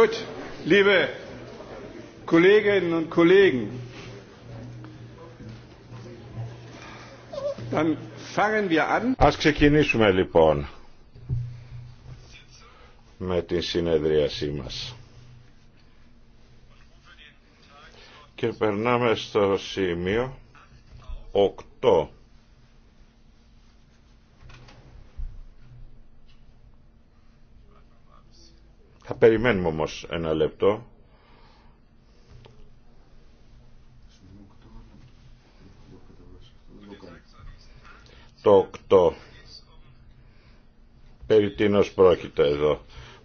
Gut, liebe Kolleginnen und Kollegen, dann fangen wir an. Ας ξεκινήσουμε λοιπόν με την συνεδρίασή μας. Και περνάμε στο σημείο 8 περιμένουμε όμως ένα λεπτό. Το 8. Περί τίνος πρόκειται εδώ.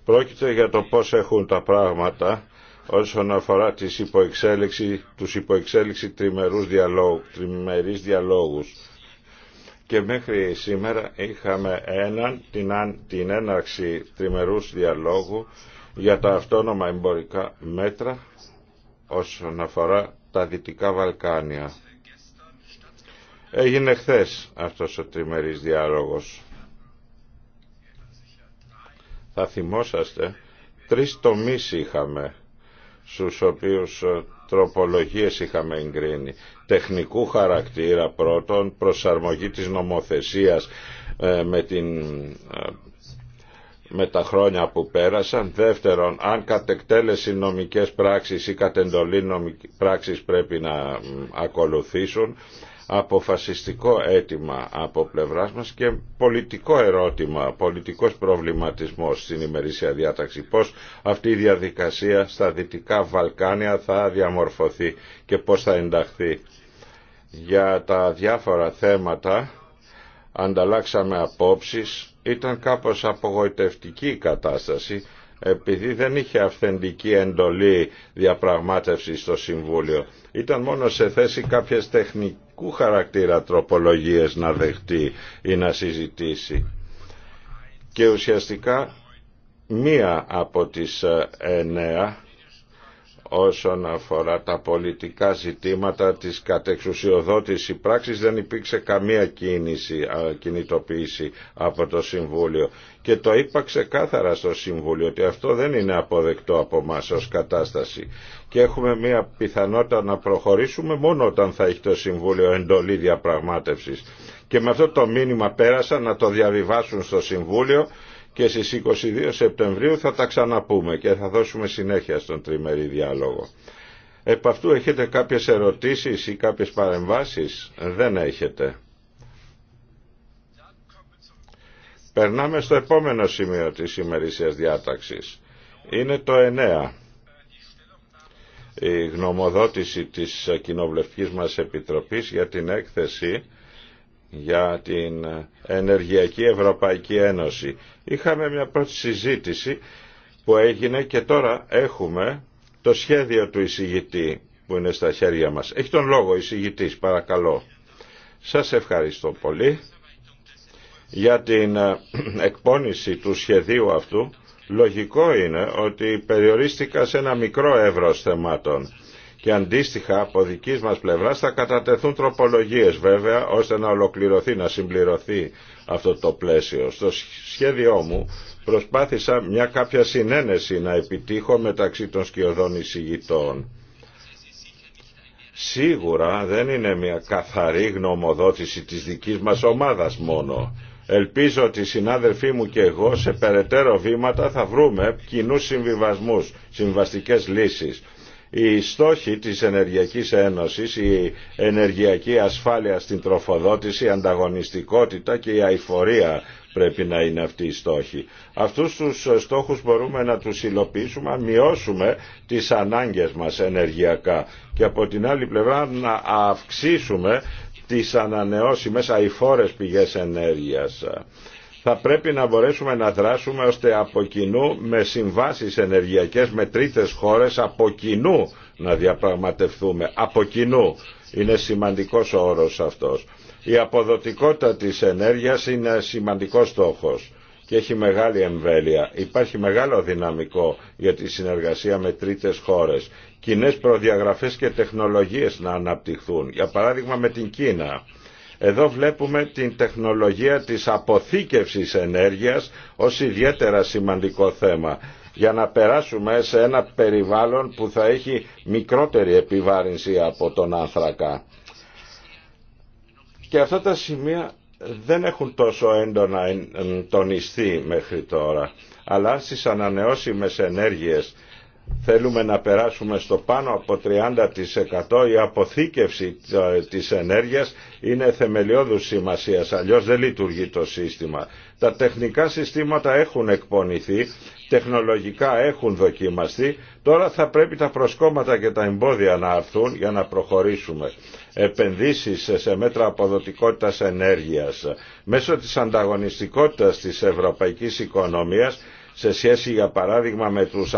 Πρόκειται για το πώς έχουν τα πράγματα όσον αφορά τις υποεξέλιξη, τους υποεξέλιξη τριμερούς διαλόγου, τριμερείς διαλόγους. Και μέχρι σήμερα είχαμε έναν, την, την έναρξη τριμερούς διαλόγου για τα αυτόνομα εμπορικά μέτρα όσον αφορά τα Δυτικά Βαλκάνια. Έγινε χθε αυτός ο τριμερής διάλογος. Θα θυμόσαστε, τρεις τομείς είχαμε, στους οποίους ε, τροπολογίες είχαμε εγκρίνει. Τεχνικού χαρακτήρα πρώτον, προσαρμογή της νομοθεσίας ε, με την ε, με τα χρόνια που πέρασαν. Δεύτερον, αν κατεκτέλεση νομικές πράξεις ή κατεντολή νομικές πράξεις πρέπει να ακολουθήσουν. Αποφασιστικό αίτημα από πλευράς μας και πολιτικό ερώτημα, πολιτικός προβληματισμός στην ημερήσια διάταξη. Πώς αυτή η διαδικασία στα Δυτικά Βαλκάνια θα διαμορφωθεί και πώς θα ενταχθεί. Για τα διάφορα θέματα ανταλλάξαμε απόψεις. Ήταν κάπως απογοητευτική η κατάσταση επειδή δεν είχε αυθεντική εντολή διαπραγμάτευση στο Συμβούλιο. Ήταν μόνο σε θέση κάποιες τεχνικού χαρακτήρα τροπολογίες να δεχτεί ή να συζητήσει. Και ουσιαστικά μία από τις ε, εννέα όσον αφορά τα πολιτικά ζητήματα της κατεξουσιοδότηση πράξης δεν υπήρξε καμία κίνηση, κινητοποίηση από το Συμβούλιο και το είπα ξεκάθαρα στο Συμβούλιο ότι αυτό δεν είναι αποδεκτό από εμά ως κατάσταση και έχουμε μια πιθανότητα να προχωρήσουμε μόνο όταν θα έχει το Συμβούλιο εντολή διαπραγμάτευσης και με αυτό το μήνυμα πέρασα να το διαβιβάσουν στο Συμβούλιο και στις 22 Σεπτεμβρίου θα τα ξαναπούμε και θα δώσουμε συνέχεια στον τριμερή διάλογο. Επ' αυτού έχετε κάποιες ερωτήσεις ή κάποιες παρεμβάσεις. Δεν έχετε. Περνάμε στο επόμενο σημείο της ημερήσιας διάταξης. Είναι το 9. Η γνωμοδότηση της Κοινοβουλευτικής μας Επιτροπής για την έκθεση για την Ενεργειακή Ευρωπαϊκή Ένωση. Είχαμε μια πρώτη συζήτηση που έγινε και τώρα έχουμε το σχέδιο του εισηγητή που είναι στα χέρια μας. Έχει τον λόγο εισηγητής, παρακαλώ. Σας ευχαριστώ πολύ για την εκπόνηση του σχεδίου αυτού. Λογικό είναι ότι περιορίστηκα σε ένα μικρό εύρος θεμάτων και αντίστοιχα από δική μας πλευράς θα κατατεθούν τροπολογίες βέβαια ώστε να ολοκληρωθεί, να συμπληρωθεί αυτό το πλαίσιο. Στο σχέδιό μου προσπάθησα μια κάποια συνένεση να επιτύχω μεταξύ των σκιωδών εισηγητών. Σίγουρα δεν είναι μια καθαρή γνωμοδότηση της δικής μας ομάδας μόνο. Ελπίζω ότι οι συνάδελφοί μου και εγώ σε περαιτέρω βήματα θα βρούμε κοινούς συμβιβασμούς, συμβαστικές λύσεις οι στόχοι της Ενεργειακής Ένωσης, η ενεργειακή ασφάλεια στην τροφοδότηση, η ανταγωνιστικότητα και η αηφορία πρέπει να είναι αυτοί οι στόχοι. Αυτούς τους στόχους μπορούμε να τους υλοποιήσουμε να μειώσουμε τις ανάγκες μας ενεργειακά και από την άλλη πλευρά να αυξήσουμε τις ανανεώσιμες αηφόρες πηγές ενέργειας θα πρέπει να μπορέσουμε να δράσουμε ώστε από κοινού με συμβάσεις ενεργειακές με τρίτες χώρες από κοινού να διαπραγματευτούμε. Από κοινού είναι σημαντικός ο όρος αυτός. Η αποδοτικότητα της ενέργειας είναι σημαντικός στόχος και έχει μεγάλη εμβέλεια. Υπάρχει μεγάλο δυναμικό για τη συνεργασία με τρίτες χώρες. Κοινές προδιαγραφές και τεχνολογίες να αναπτυχθούν. Για παράδειγμα με την Κίνα εδώ βλέπουμε την τεχνολογία της αποθήκευσης ενέργειας ως ιδιαίτερα σημαντικό θέμα για να περάσουμε σε ένα περιβάλλον που θα έχει μικρότερη επιβάρυνση από τον άνθρακα. Και αυτά τα σημεία δεν έχουν τόσο έντονα τονιστεί μέχρι τώρα, αλλά στις ανανεώσιμες ενέργειες θέλουμε να περάσουμε στο πάνω από 30% η αποθήκευση ε, της ενέργειας είναι θεμελιώδους σημασίας, αλλιώς δεν λειτουργεί το σύστημα. Τα τεχνικά συστήματα έχουν εκπονηθεί, τεχνολογικά έχουν δοκιμαστεί, τώρα θα πρέπει τα προσκόμματα και τα εμπόδια να αρθούν για να προχωρήσουμε. Επενδύσεις σε μέτρα αποδοτικότητας ενέργειας, μέσω της ανταγωνιστικότητας της ευρωπαϊκής οικονομίας σε σχέση για παράδειγμα με τους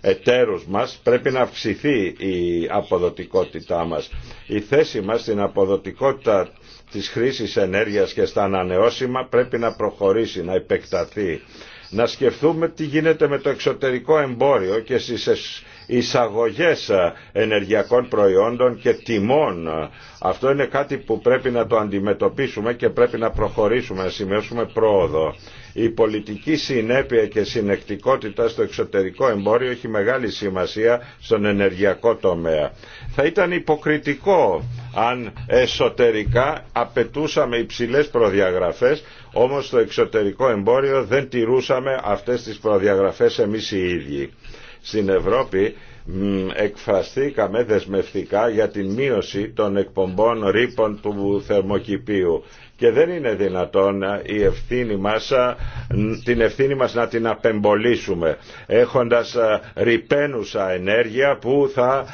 εταίρους μας πρέπει να αυξηθεί η αποδοτικότητά μας. Η θέση μας στην αποδοτικότητα της χρήσης ενέργειας και στα ανανεώσιμα πρέπει να προχωρήσει, να επεκταθεί. Να σκεφτούμε τι γίνεται με το εξωτερικό εμπόριο και στις εισαγωγές ενεργειακών προϊόντων και τιμών. Αυτό είναι κάτι που πρέπει να το αντιμετωπίσουμε και πρέπει να προχωρήσουμε, να σημειώσουμε πρόοδο. Η πολιτική συνέπεια και συνεκτικότητα στο εξωτερικό εμπόριο έχει μεγάλη σημασία στον ενεργειακό τομέα. Θα ήταν υποκριτικό αν εσωτερικά απαιτούσαμε υψηλές προδιαγραφές, όμως στο εξωτερικό εμπόριο δεν τηρούσαμε αυτές τις προδιαγραφές εμείς οι ίδιοι. Στην Ευρώπη εκφραστήκαμε δεσμευτικά για την μείωση των εκπομπών ρήπων του θερμοκηπίου και δεν είναι δυνατόν η ευθύνη μας, την ευθύνη μας να την απεμπολίσουμε έχοντας ρηπαίνουσα ενέργεια που θα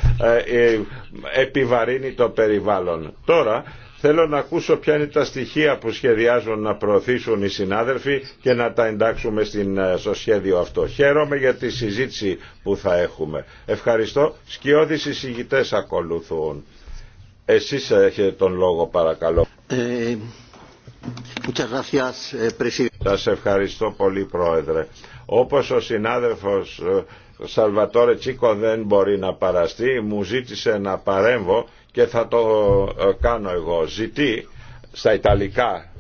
ε, επιβαρύνει το περιβάλλον. Τώρα θέλω να ακούσω ποια είναι τα στοιχεία που σχεδιάζουν να προωθήσουν οι συνάδελφοι και να τα εντάξουμε στο σχέδιο αυτό. Χαίρομαι για τη συζήτηση που θα έχουμε. Ευχαριστώ. Σκιώδεις εισηγητές ακολουθούν. Εσείς έχετε τον λόγο παρακαλώ. Ε, Eh, Σας ευχαριστώ πολύ Πρόεδρε. Όπως ο συνάδελφος ε, Σαλβατόρε Τσίκο δεν μπορεί να παραστεί, μου ζήτησε να παρέμβω και θα το ε, κάνω εγώ. Ζητεί στα Ιταλικά.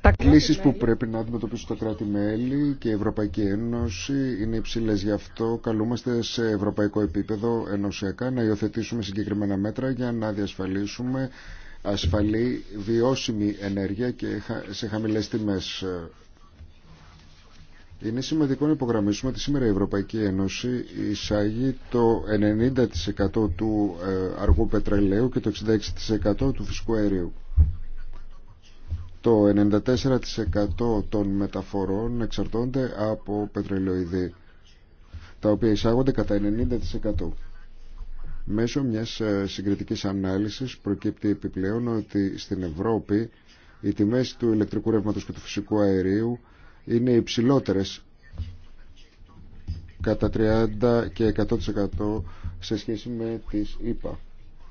Τα κλήσει που πρέπει να αντιμετωπίσουν τα κράτη-μέλη και η Ευρωπαϊκή Ένωση είναι υψηλέ. Γι' αυτό καλούμαστε σε ευρωπαϊκό επίπεδο ενωσιακά να υιοθετήσουμε συγκεκριμένα μέτρα για να διασφαλίσουμε ασφαλή βιώσιμη ενέργεια και σε χαμηλές τιμές. Είναι σημαντικό να υπογραμμίσουμε ότι σήμερα η Ευρωπαϊκή Ένωση εισάγει το 90% του ε, αργού πετρελαίου και το 66% του φυσικού αερίου. Το 94% των μεταφορών εξαρτώνται από πετρελαιοειδή, τα οποία εισάγονται κατά 90%. Μέσω μιας ε, συγκριτικής ανάλυσης προκύπτει επιπλέον ότι στην Ευρώπη οι τιμές του ηλεκτρικού ρεύματος και του φυσικού αερίου είναι υψηλότερες κατά 30 και 100% σε σχέση με τις ΗΠΑ.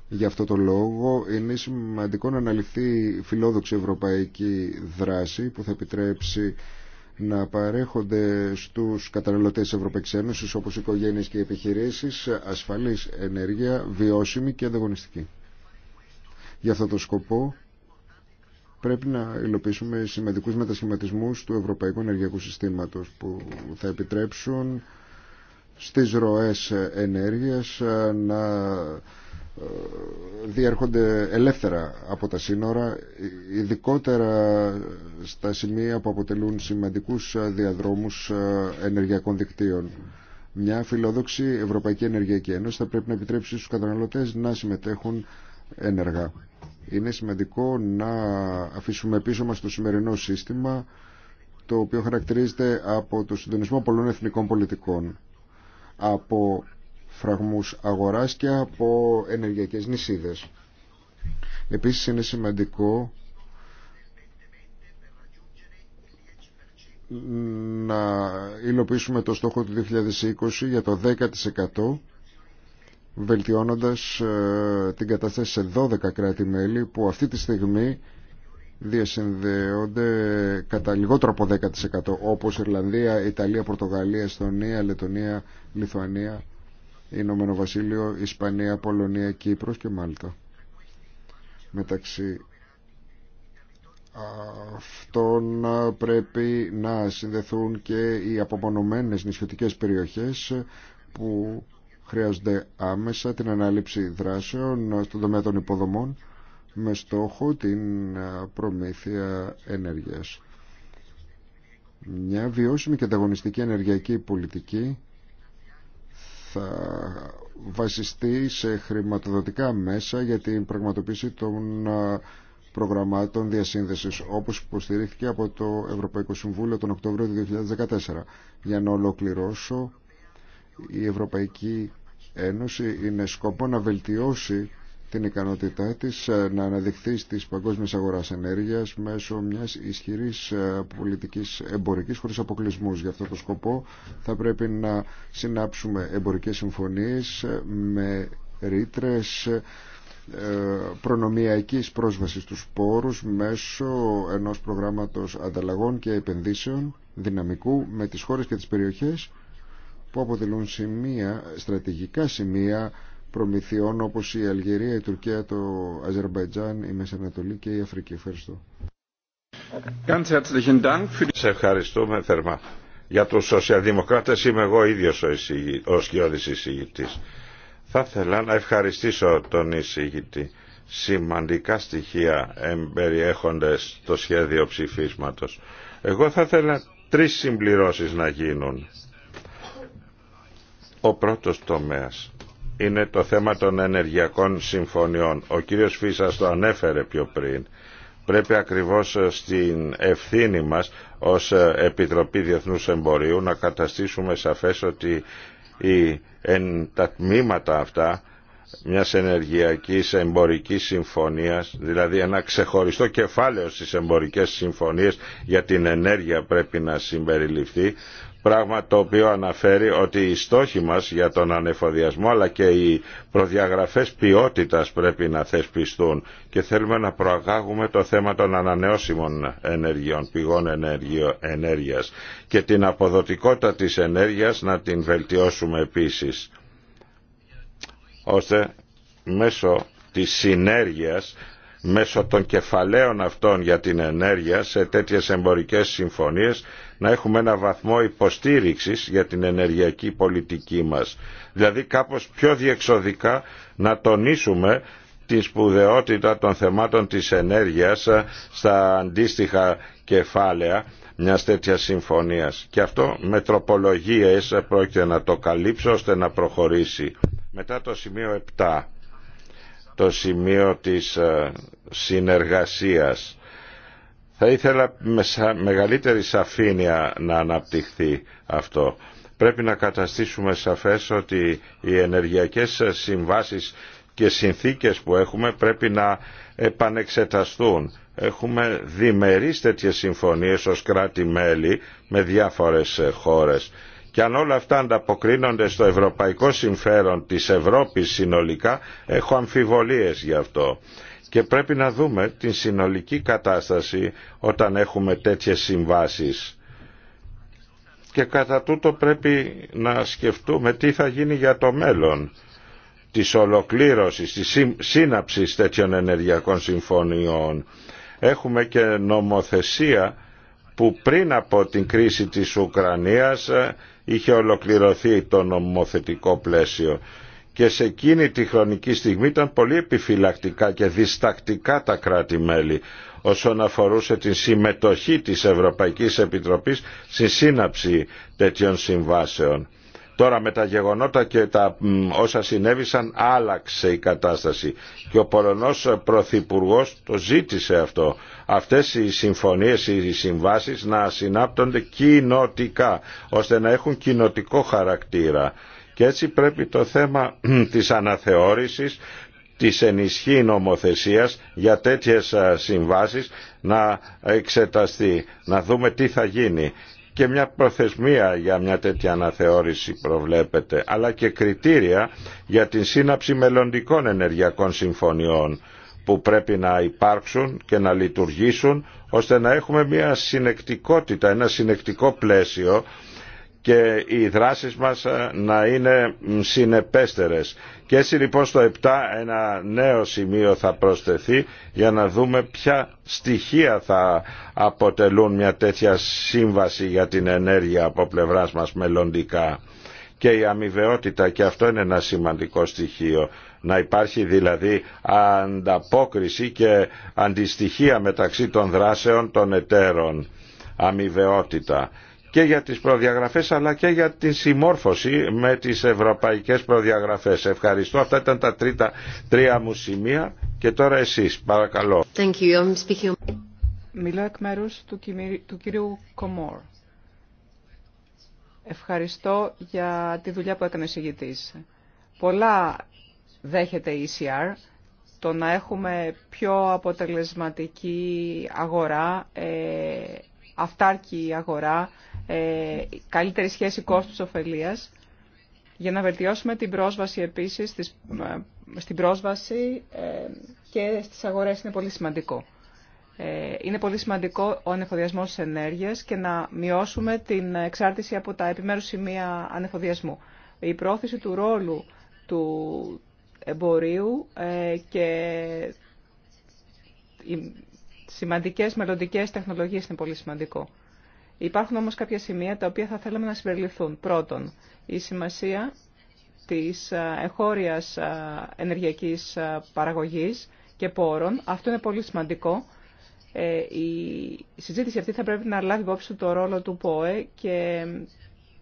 Γι' αυτό το λόγο είναι σημαντικό να αναλυθεί φιλόδοξη ευρωπαϊκή δράση που θα επιτρέψει να παρέχονται στους καταναλωτές Ευρωπαϊκή Ευρωπαϊκής Ένωσης όπως οικογένειες και επιχειρήσεις ασφαλής ενέργεια, βιώσιμη και ανταγωνιστική. Για αυτό το σκοπό πρέπει να υλοποιήσουμε σημαντικούς μετασχηματισμούς του Ευρωπαϊκού Ενεργειακού Συστήματος που θα επιτρέψουν στις ροές ενέργειας να διέρχονται ελεύθερα από τα σύνορα, ειδικότερα στα σημεία που αποτελούν σημαντικούς διαδρόμους ε, ενεργειακών δικτύων. Μια φιλόδοξη Ευρωπαϊκή Ενεργειακή Ένωση θα πρέπει να επιτρέψει στους καταναλωτές να συμμετέχουν ενεργά. Είναι σημαντικό να αφήσουμε πίσω μας το σημερινό σύστημα, το οποίο χαρακτηρίζεται από το συντονισμό πολλών εθνικών πολιτικών, από φραγμούς αγοράς και από ενεργειακές νησίδες. Επίσης είναι σημαντικό να υλοποιήσουμε το στόχο του 2020 για το 10% βελτιώνοντας ε, την κατάσταση σε 12 κράτη-μέλη που αυτή τη στιγμή διασυνδέονται κατά λιγότερο από 10% όπως Ιρλανδία, Ιταλία, Πορτογαλία, Εστονία, Λετωνία, Λιθουανία, Ηνωμένο Βασίλειο, Ισπανία, Πολωνία, Κύπρος και Μάλτα. Μεταξύ αυτών πρέπει να συνδεθούν και οι απομονωμένες νησιωτικές περιοχές που χρειάζονται άμεσα την ανάληψη δράσεων στον τομέα των υποδομών με στόχο την προμήθεια ενέργειας. Μια βιώσιμη και ανταγωνιστική ενεργειακή πολιτική θα βασιστεί σε χρηματοδοτικά μέσα για την πραγματοποίηση των ε, προγραμμάτων διασύνδεσης όπως υποστηρίχθηκε από το Ευρωπαϊκό Συμβούλιο τον Οκτώβριο του 2014. Για να ολοκληρώσω, η Ευρωπαϊκή Ένωση είναι σκοπό να βελτιώσει την ικανότητά της ε, να αναδειχθεί στις παγκόσμιες αγοράς ενέργειας μέσω μιας ισχυρής ε, πολιτικής εμπορικής χωρίς αποκλεισμούς. Γι' αυτό το σκοπό θα πρέπει να συνάψουμε εμπορικές συμφωνίες ε, με ρήτρε προνομιακής πρόσβασης στους πόρους μέσω ενός προγράμματος ανταλλαγών και επενδύσεων δυναμικού με τις χώρες και τις περιοχές που αποτελούν σημεία, στρατηγικά σημεία προμηθειών όπως η Αλγερία, η Τουρκία, το Αζερμπαϊτζάν, η Μέση και η Αφρική. Ευχαριστώ. Σε ευχαριστούμε θερμά. Για τους σοσιαλδημοκράτες είμαι εγώ ίδιος ο, εισηγη... ο σκιώδης εισηγητής. Θα ήθελα να ευχαριστήσω τον εισηγητή. Σημαντικά στοιχεία εμπεριέχονται στο σχέδιο ψηφίσματος. Εγώ θα ήθελα τρεις συμπληρώσεις να γίνουν. Ο πρώτος τομέας είναι το θέμα των ενεργειακών συμφωνιών. Ο κύριος Φίσας το ανέφερε πιο πριν. Πρέπει ακριβώς ε, στην ευθύνη μας ως ε, Επιτροπή Διεθνούς Εμπορίου να καταστήσουμε σαφές ότι οι, τα τμήματα αυτά μιας ενεργειακής εμπορικής συμφωνίας, δηλαδή ένα ξεχωριστό κεφάλαιο στις εμπορικές συμφωνίες για την ενέργεια πρέπει να συμπεριληφθεί, πράγμα το οποίο αναφέρει ότι οι στόχοι μας για τον ανεφοδιασμό αλλά και οι προδιαγραφές ποιότητας πρέπει να θεσπιστούν και θέλουμε να προαγάγουμε το θέμα των ανανεώσιμων ενεργειών, πηγών ενέργειο, ενέργειας και την αποδοτικότητα της ενέργειας να την βελτιώσουμε επίσης ώστε μέσω της συνέργειας μέσω των κεφαλαίων αυτών για την ενέργεια σε τέτοιες εμπορικές συμφωνίες να έχουμε ένα βαθμό υποστήριξης για την ενεργειακή πολιτική μας. Δηλαδή κάπως πιο διεξοδικά να τονίσουμε τη σπουδαιότητα των θεμάτων της ενέργειας ε, στα αντίστοιχα κεφάλαια μια τέτοια συμφωνίας. Και αυτό με τροπολογίες πρόκειται να το καλύψω ώστε να προχωρήσει. Μετά το σημείο 7, το σημείο της ε, συνεργασίας θα ήθελα με μεγαλύτερη σαφήνεια να αναπτυχθεί αυτό. Πρέπει να καταστήσουμε σαφές ότι οι ενεργειακές συμβάσεις και συνθήκες που έχουμε πρέπει να επανεξεταστούν. Έχουμε διμερείς τέτοιες συμφωνίες ως κράτη-μέλη με διάφορες χώρες. Και αν όλα αυτά ανταποκρίνονται στο ευρωπαϊκό συμφέρον της Ευρώπης συνολικά, έχω αμφιβολίες γι' αυτό και πρέπει να δούμε την συνολική κατάσταση όταν έχουμε τέτοιες συμβάσεις. Και κατά τούτο πρέπει να σκεφτούμε τι θα γίνει για το μέλλον της ολοκλήρωσης, της σύναψης τέτοιων ενεργειακών συμφωνιών. Έχουμε και νομοθεσία που πριν από την κρίση της Ουκρανίας ε, είχε ολοκληρωθεί το νομοθετικό πλαίσιο και σε εκείνη τη χρονική στιγμή ήταν πολύ επιφυλακτικά και διστακτικά τα κράτη-μέλη όσον αφορούσε την συμμετοχή της Ευρωπαϊκής Επιτροπής στη σύναψη τέτοιων συμβάσεων. Τώρα με τα γεγονότα και τα όσα συνέβησαν άλλαξε η κατάσταση και ο Πολωνός Πρωθυπουργό το ζήτησε αυτό. Αυτές οι συμφωνίες, οι συμβάσεις να συνάπτονται κοινοτικά ώστε να έχουν κοινοτικό χαρακτήρα και έτσι πρέπει το θέμα της αναθεώρησης της ενισχύ νομοθεσίας για τέτοιες συμβάσεις να εξεταστεί, να δούμε τι θα γίνει και μια προθεσμία για μια τέτοια αναθεώρηση προβλέπεται, αλλά και κριτήρια για την σύναψη μελλοντικών ενεργειακών συμφωνιών που πρέπει να υπάρξουν και να λειτουργήσουν ώστε να έχουμε μια συνεκτικότητα, ένα συνεκτικό πλαίσιο και οι δράσεις μας ε, να είναι συνεπέστερες. Και έτσι λοιπόν στο 7 ένα νέο σημείο θα προσθεθεί για να δούμε ποια στοιχεία θα αποτελούν μια τέτοια σύμβαση για την ενέργεια από πλευράς μας μελλοντικά. Και η αμοιβαιότητα και αυτό είναι ένα σημαντικό στοιχείο. Να υπάρχει δηλαδή ανταπόκριση και αντιστοιχεία μεταξύ των δράσεων των εταίρων. Αμοιβαιότητα και για τις προδιαγραφές αλλά και για τη συμμόρφωση με τις ευρωπαϊκές προδιαγραφές. Ευχαριστώ. Αυτά ήταν τα τρία μου σημεία και τώρα εσείς. Παρακαλώ. Thank Μιλώ εκ μέρους του, του κυρίου Κομόρ. Ευχαριστώ για τη δουλειά που έκανε ο Πολλά δέχεται η ECR. Το να έχουμε πιο αποτελεσματική αγορά, ε, αυτάρκη αγορά, ε, καλύτερη σχέση κόστους-οφελίας για να βελτιώσουμε την πρόσβαση επίσης, ε, στην πρόσβαση ε, και στις αγορές είναι πολύ σημαντικό. Είναι πολύ σημαντικό ο ανεφοδιασμός της ενέργειας και να μειώσουμε την εξάρτηση από τα επιμέρους σημεία ανεφοδιασμού. Η πρόθεση του ρόλου του εμπορίου και οι σημαντικές μελλοντικές τεχνολογίες είναι πολύ σημαντικό. Υπάρχουν όμως κάποια σημεία τα οποία θα θέλαμε να συμπεριληφθούν. Πρώτον, η σημασία της εχώριας ε, ενεργειακής ε, παραγωγής και πόρων. Αυτό είναι πολύ σημαντικό. Ε, η συζήτηση αυτή θα πρέπει να λάβει υπόψη το ρόλο του ΠΟΕ και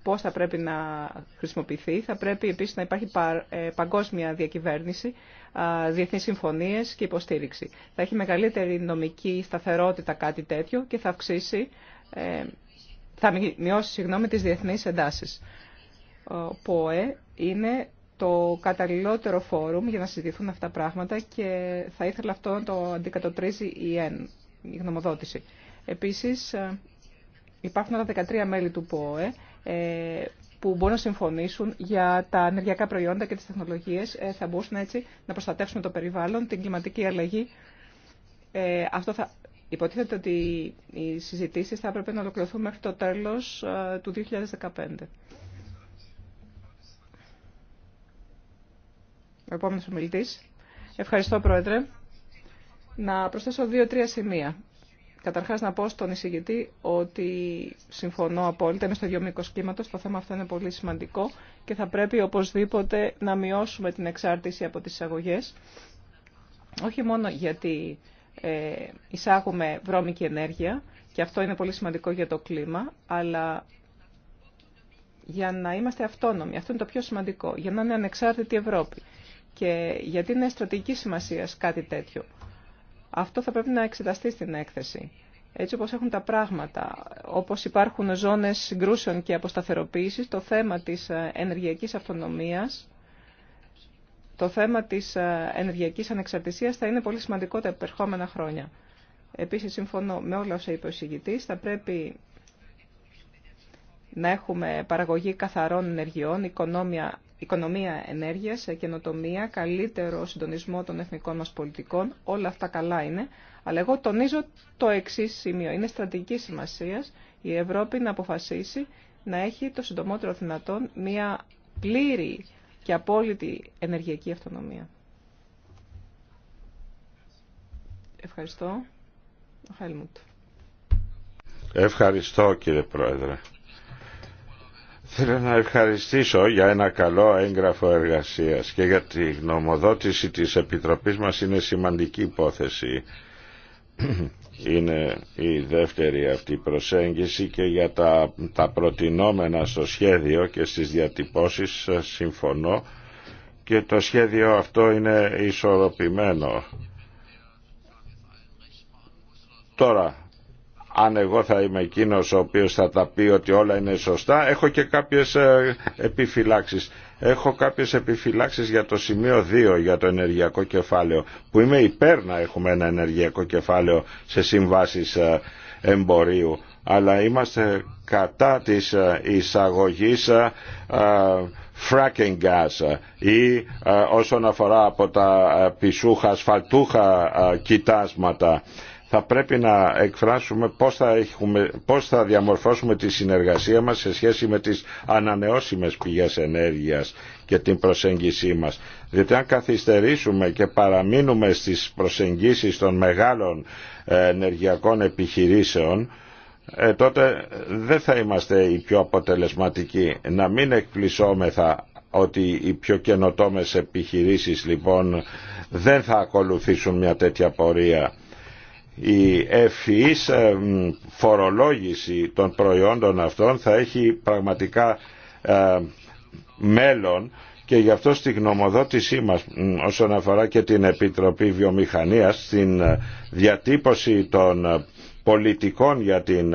πώς θα πρέπει να χρησιμοποιηθεί. Θα πρέπει επίσης να υπάρχει παγκόσμια διακυβέρνηση, διεθνείς συμφωνίες και υποστήριξη. Θα έχει μεγαλύτερη νομική σταθερότητα κάτι τέτοιο και θα αυξήσει θα μειώσει συγγνώμη, τις διεθνείς εντάσεις. Ο ΠΟΕ είναι το καταλληλότερο φόρουμ για να συζητηθούν αυτά τα πράγματα και θα ήθελα αυτό να το αντικατοπτρίζει η ΕΝ, η γνωμοδότηση. Επίσης, ε, υπάρχουν τα 13 μέλη του ΠΟΕ ε, που μπορούν να συμφωνήσουν για τα ενεργειακά προϊόντα και τις τεχνολογίες. Ε, θα μπορούσαν έτσι να προστατεύσουμε το περιβάλλον, την κλιματική αλλαγή. Αυτό θα Υποτίθεται ότι οι συζητήσεις θα έπρεπε να ολοκληρωθούν μέχρι το τέλος ε, του 2015. Ο επόμενος Ευχαριστώ, Πρόεδρε. Να προσθέσω δύο-τρία σημεία. Καταρχά, να πω στον εισηγητή ότι συμφωνώ απόλυτα. Είμαι στο ίδιο μήκο Το θέμα αυτό είναι πολύ σημαντικό και θα πρέπει οπωσδήποτε να μειώσουμε την εξάρτηση από τι εισαγωγέ. Όχι μόνο γιατί ε, εισάγουμε βρώμικη ενέργεια και αυτό είναι πολύ σημαντικό για το κλίμα, αλλά για να είμαστε αυτόνομοι, αυτό είναι το πιο σημαντικό, για να είναι ανεξάρτητη η Ευρώπη και γιατί είναι στρατηγική σημασία κάτι τέτοιο. Αυτό θα πρέπει να εξεταστεί στην έκθεση. Έτσι όπως έχουν τα πράγματα, όπως υπάρχουν ζώνες συγκρούσεων και αποσταθεροποίησης, το θέμα της ε, ενεργειακής αυτονομίας το θέμα της ε, ενεργειακής ανεξαρτησίας θα είναι πολύ σημαντικό τα επερχόμενα χρόνια. Επίσης, σύμφωνο με όλα όσα είπε ο συγητής, θα πρέπει να έχουμε παραγωγή καθαρών ενεργειών, οικονομία, οικονομία ενέργειας, ε, καινοτομία, καλύτερο συντονισμό των εθνικών μας πολιτικών. Όλα αυτά καλά είναι. Αλλά εγώ τονίζω το εξή σημείο. Είναι στρατηγική σημασία η Ευρώπη να αποφασίσει να έχει το συντομότερο δυνατόν μια πλήρη και απόλυτη ενεργειακή αυτονομία. Ευχαριστώ. Ευχαριστώ κύριε Πρόεδρε. Θέλω να ευχαριστήσω για ένα καλό έγγραφο εργασίας και για τη γνωμοδότηση της Επιτροπής μας είναι σημαντική υπόθεση είναι η δεύτερη αυτή προσέγγιση και για τα, τα προτινόμενα στο σχέδιο και στις διατυπώσεις ε, συμφωνώ και το σχέδιο αυτό είναι ισορροπημένο. Τώρα, αν εγώ θα είμαι εκείνο ο οποίος θα τα πει ότι όλα είναι σωστά, έχω και κάποιες ε, επιφυλάξεις. Έχω κάποιες επιφυλάξεις για το σημείο 2, για το ενεργειακό κεφάλαιο, που είμαι υπέρ να έχουμε ένα ενεργειακό κεφάλαιο σε συμβάσεις ε, εμπορίου, αλλά είμαστε κατά της ε, εισαγωγής fracking gas ή όσον αφορά από τα πισούχα, ασφαλτούχα κοιτάσματα θα πρέπει να εκφράσουμε πώς θα, έχουμε, διαμορφώσουμε τη συνεργασία μας σε σχέση με τις ανανεώσιμες πηγές ενέργειας και την προσέγγισή μας. Διότι αν καθυστερήσουμε και παραμείνουμε στις προσεγγίσεις των μεγάλων ε, ενεργειακών επιχειρήσεων, ε, τότε δεν θα είμαστε οι πιο αποτελεσματικοί. Να μην εκπλησώμεθα ότι οι πιο καινοτόμες επιχειρήσεις λοιπόν δεν θα ακολουθήσουν μια τέτοια πορεία η ευφυής ε, φορολόγηση των προϊόντων αυτών θα έχει πραγματικά ε, μέλλον και γι' αυτό στη γνωμοδότησή μας όσον αφορά και την Επιτροπή Βιομηχανίας στην ε, διατύπωση των πολιτικών για την,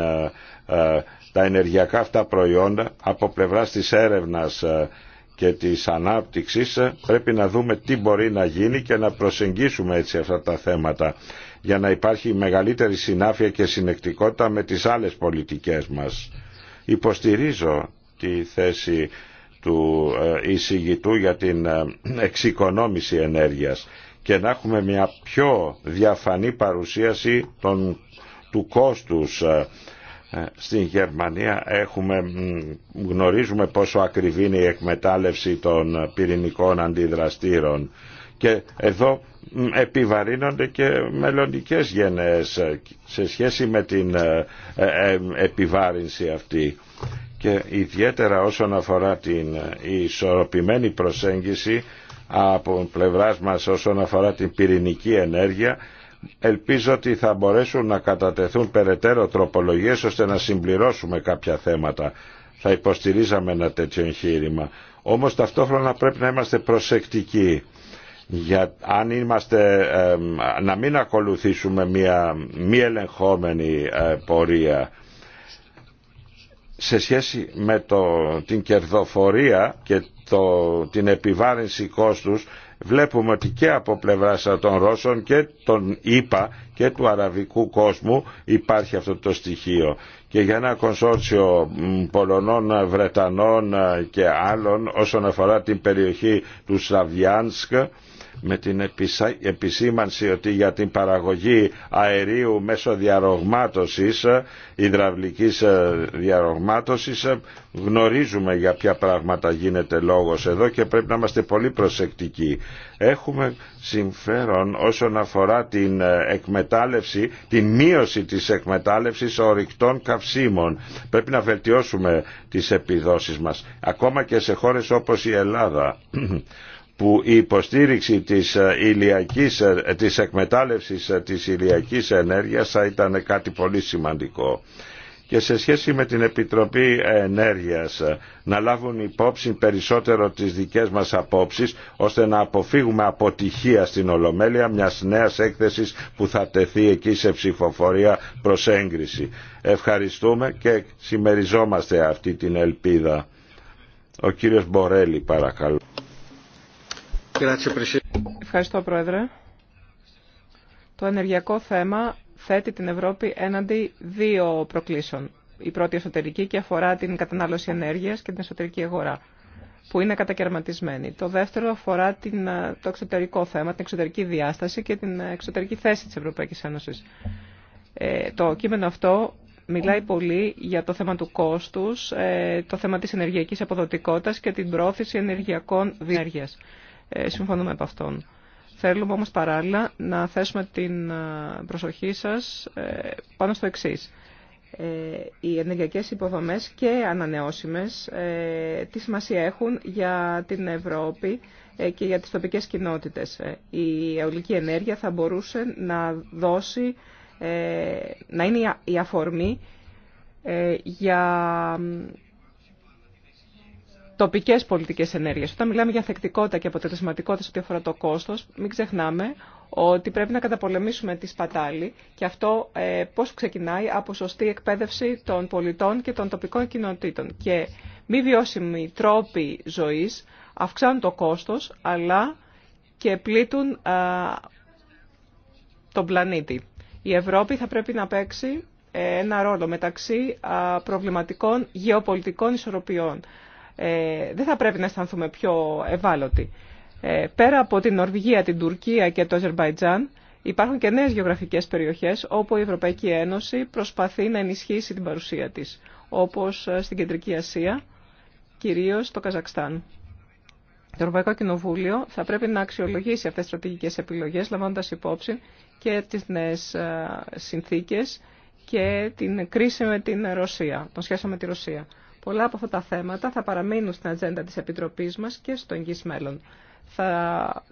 τα ενεργειακά αυτά προϊόντα από πλευράς της έρευνας και της ανάπτυξης πρέπει να δούμε τι μπορεί να γίνει και να προσεγγίσουμε έτσι αυτά τα θέματα για να υπάρχει μεγαλύτερη συνάφεια και συνεκτικότητα με τις άλλες πολιτικές μας. Υποστηρίζω τη θέση του ε, εισηγητού για την ε, εξοικονόμηση ενέργειας και να έχουμε μια πιο διαφανή παρουσίαση των, του κόστους ε, στην Γερμανία έχουμε, γνωρίζουμε πόσο ακριβή είναι η εκμετάλλευση των πυρηνικών αντιδραστήρων και εδώ επιβαρύνονται και μελλοντικές γενναίες σε σχέση με την ε, ε, ε, επιβάρυνση αυτή και ιδιαίτερα όσον αφορά την ισορροπημένη προσέγγιση από πλευράς μας όσον αφορά την πυρηνική ενέργεια ελπίζω ότι θα μπορέσουν να κατατεθούν περαιτέρω τροπολογίες ώστε να συμπληρώσουμε κάποια θέματα θα υποστηρίζαμε ένα τέτοιο εγχείρημα όμως ταυτόχρονα πρέπει να είμαστε προσεκτικοί για αν είμαστε να μην ακολουθήσουμε μια μη ελεγχόμενη ε, πορεία σε σχέση με το, την κερδοφορία και το, την επιβάρυνση κόστους βλέπουμε ότι και από πλευράς των Ρώσων και των ΙΠΑ και του αραβικού κόσμου υπάρχει αυτό το στοιχείο. Και για ένα κονσόρτσιο Πολωνών, Βρετανών ε, και άλλων όσον αφορά την περιοχή του Σαβιάνσκ με την επισήμανση ότι για την παραγωγή αερίου μέσω διαρρογμάτωσης, ε, υδραυλικής ε, διαρρογμάτωσης, ε, γνωρίζουμε για ποια πράγματα γίνεται λόγος εδώ και πρέπει να είμαστε πολύ προσεκτικοί. Έχουμε συμφέρον όσον αφορά την εκμετάλλευση, την μείωση της εκμετάλλευσης ορυκτών καυσίμων. Πρέπει να βελτιώσουμε τις επιδόσεις μας, ακόμα και σε χώρες όπως η Ελλάδα που η υποστήριξη της, ε, ηλιακής, ε, της εκμετάλλευσης ε, της ηλιακής ενέργειας θα ήταν κάτι πολύ σημαντικό. Και σε σχέση με την Επιτροπή Ενέργειας να λάβουν υπόψη περισσότερο τις δικές μας απόψεις ώστε να αποφύγουμε αποτυχία στην Ολομέλεια μιας νέας έκθεσης που θα τεθεί εκεί σε ψηφοφορία προς έγκριση. Ευχαριστούμε και συμμεριζόμαστε αυτή την ελπίδα. Ο κύριος Μπορέλη παρακαλώ. Ευχαριστώ, Πρόεδρε. Το ενεργειακό θέμα θέτει την Ευρώπη έναντι δύο προκλήσεων. Η πρώτη εσωτερική και αφορά την κατανάλωση ενέργειας και την εσωτερική αγορά, που είναι κατακαιρματισμένη. Το δεύτερο αφορά την, το εξωτερικό θέμα, την εξωτερική διάσταση και την εξωτερική θέση της Ευρωπαϊκής Ένωσης. Ε, το κείμενο αυτό μιλάει πολύ για το θέμα του κόστους, ε, το θέμα της ενεργειακής αποδοτικότητας και την πρόθεση ενεργειακών διέργειας. Ε, συμφωνούμε από αυτόν. Θέλουμε όμως παράλληλα να θέσουμε την ε, προσοχή σας ε, πάνω στο εξής. Οι ενεργειακές υποδομές και ανανεώσιμες τι σημασία έχουν για την Ευρώπη και για τις τοπικές κοινότητες. Η αιωλική ενέργεια θα μπορούσε να δώσει, να είναι η αφορμή για τοπικέ πολιτικέ ενέργειε. Όταν μιλάμε για θεκτικότητα και αποτελεσματικότητα σε ό,τι αφορά το κόστο, μην ξεχνάμε ότι πρέπει να καταπολεμήσουμε τη σπατάλη και αυτό ε, πώ ξεκινάει από σωστή εκπαίδευση των πολιτών και των τοπικών κοινοτήτων. Και μη βιώσιμοι τρόποι ζωή αυξάνουν το κόστο, αλλά και πλήττουν α, τον πλανήτη. Η Ευρώπη θα πρέπει να παίξει ε, ένα ρόλο μεταξύ προβληματικών γεωπολιτικών ισορροπιών ε, δεν θα πρέπει να αισθανθούμε πιο ευάλωτοι. Ε, πέρα από την Νορβηγία, την Τουρκία και το Αζερβαϊτζάν, υπάρχουν και νέες γεωγραφικές περιοχές όπου η Ευρωπαϊκή Ένωση προσπαθεί να ενισχύσει την παρουσία της, όπως ε, στην Κεντρική Ασία, κυρίως το Καζακστάν. Το Ευρωπαϊκό Κοινοβούλιο θα πρέπει να αξιολογήσει αυτές τις στρατηγικές επιλογές, λαμβάνοντας υπόψη και τις νέες συνθήκες και την κρίση με την Ρωσία, τον σχέση με τη Ρωσία. Πολλά από αυτά τα θέματα θα παραμείνουν στην ατζέντα της Επιτροπής μας και στο εγγύς μέλλον. Θα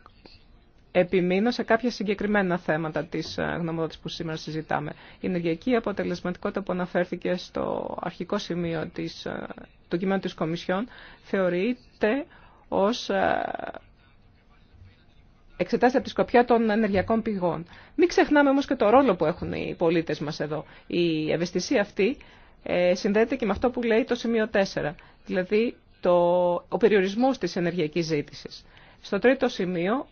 επιμείνω σε κάποια συγκεκριμένα θέματα της ε, γνωμοδότησης που σήμερα συζητάμε. Η ενεργειακή αποτελεσματικότητα που αναφέρθηκε στο αρχικό σημείο της, ε, του κειμένου της Κομισιόν θεωρείται ως ε, εξετάσει από τη σκοπιά των ενεργειακών πηγών. Μην ξεχνάμε όμως και το ρόλο που έχουν οι πολίτες μας εδώ. Η ευαισθησία αυτή ε, συνδέεται και με αυτό που λέει το σημείο 4, δηλαδή το, ο περιορισμός της ενεργειακής ζήτησης. Στο τρίτο σημείο,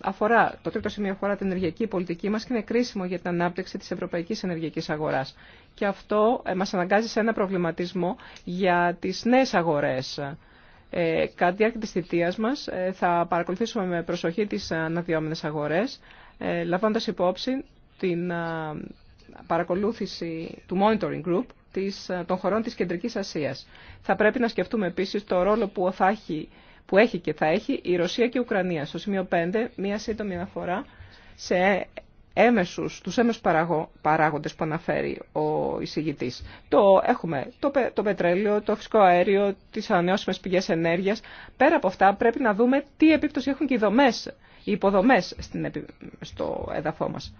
αφορά, το τρίτο σημείο αφορά την ενεργειακή πολιτική μας και είναι κρίσιμο για την ανάπτυξη της ευρωπαϊκής ενεργειακής αγοράς. Και αυτό ε, μας αναγκάζει σε ένα προβληματισμό για τις νέες αγορές. Ε, κατά τη διάρκεια της θητείας μας ε, θα παρακολουθήσουμε με προσοχή τις αναδυόμενες αγορές, ε, λαμβάνοντας υπόψη την, παρακολούθηση του Monitoring Group ε, των χωρών της Κεντρικής Ασίας. Θα πρέπει να σκεφτούμε επίσης το ρόλο που, θα έχει, που έχει και θα έχει η Ρωσία και η Ουκρανία. Στο σημείο 5, μία σύντομη αναφορά σε έμεσους, τους έμεσους παράγοντες που αναφέρει ο εισηγητής. Το, έχουμε το, το πετρέλαιο, το φυσικό αέριο, τις ανανεώσιμες πηγές ενέργειας. Πέρα από αυτά πρέπει να δούμε τι επίπτωση έχουν και οι δομές, οι υποδομές στην, στο έδαφό μας.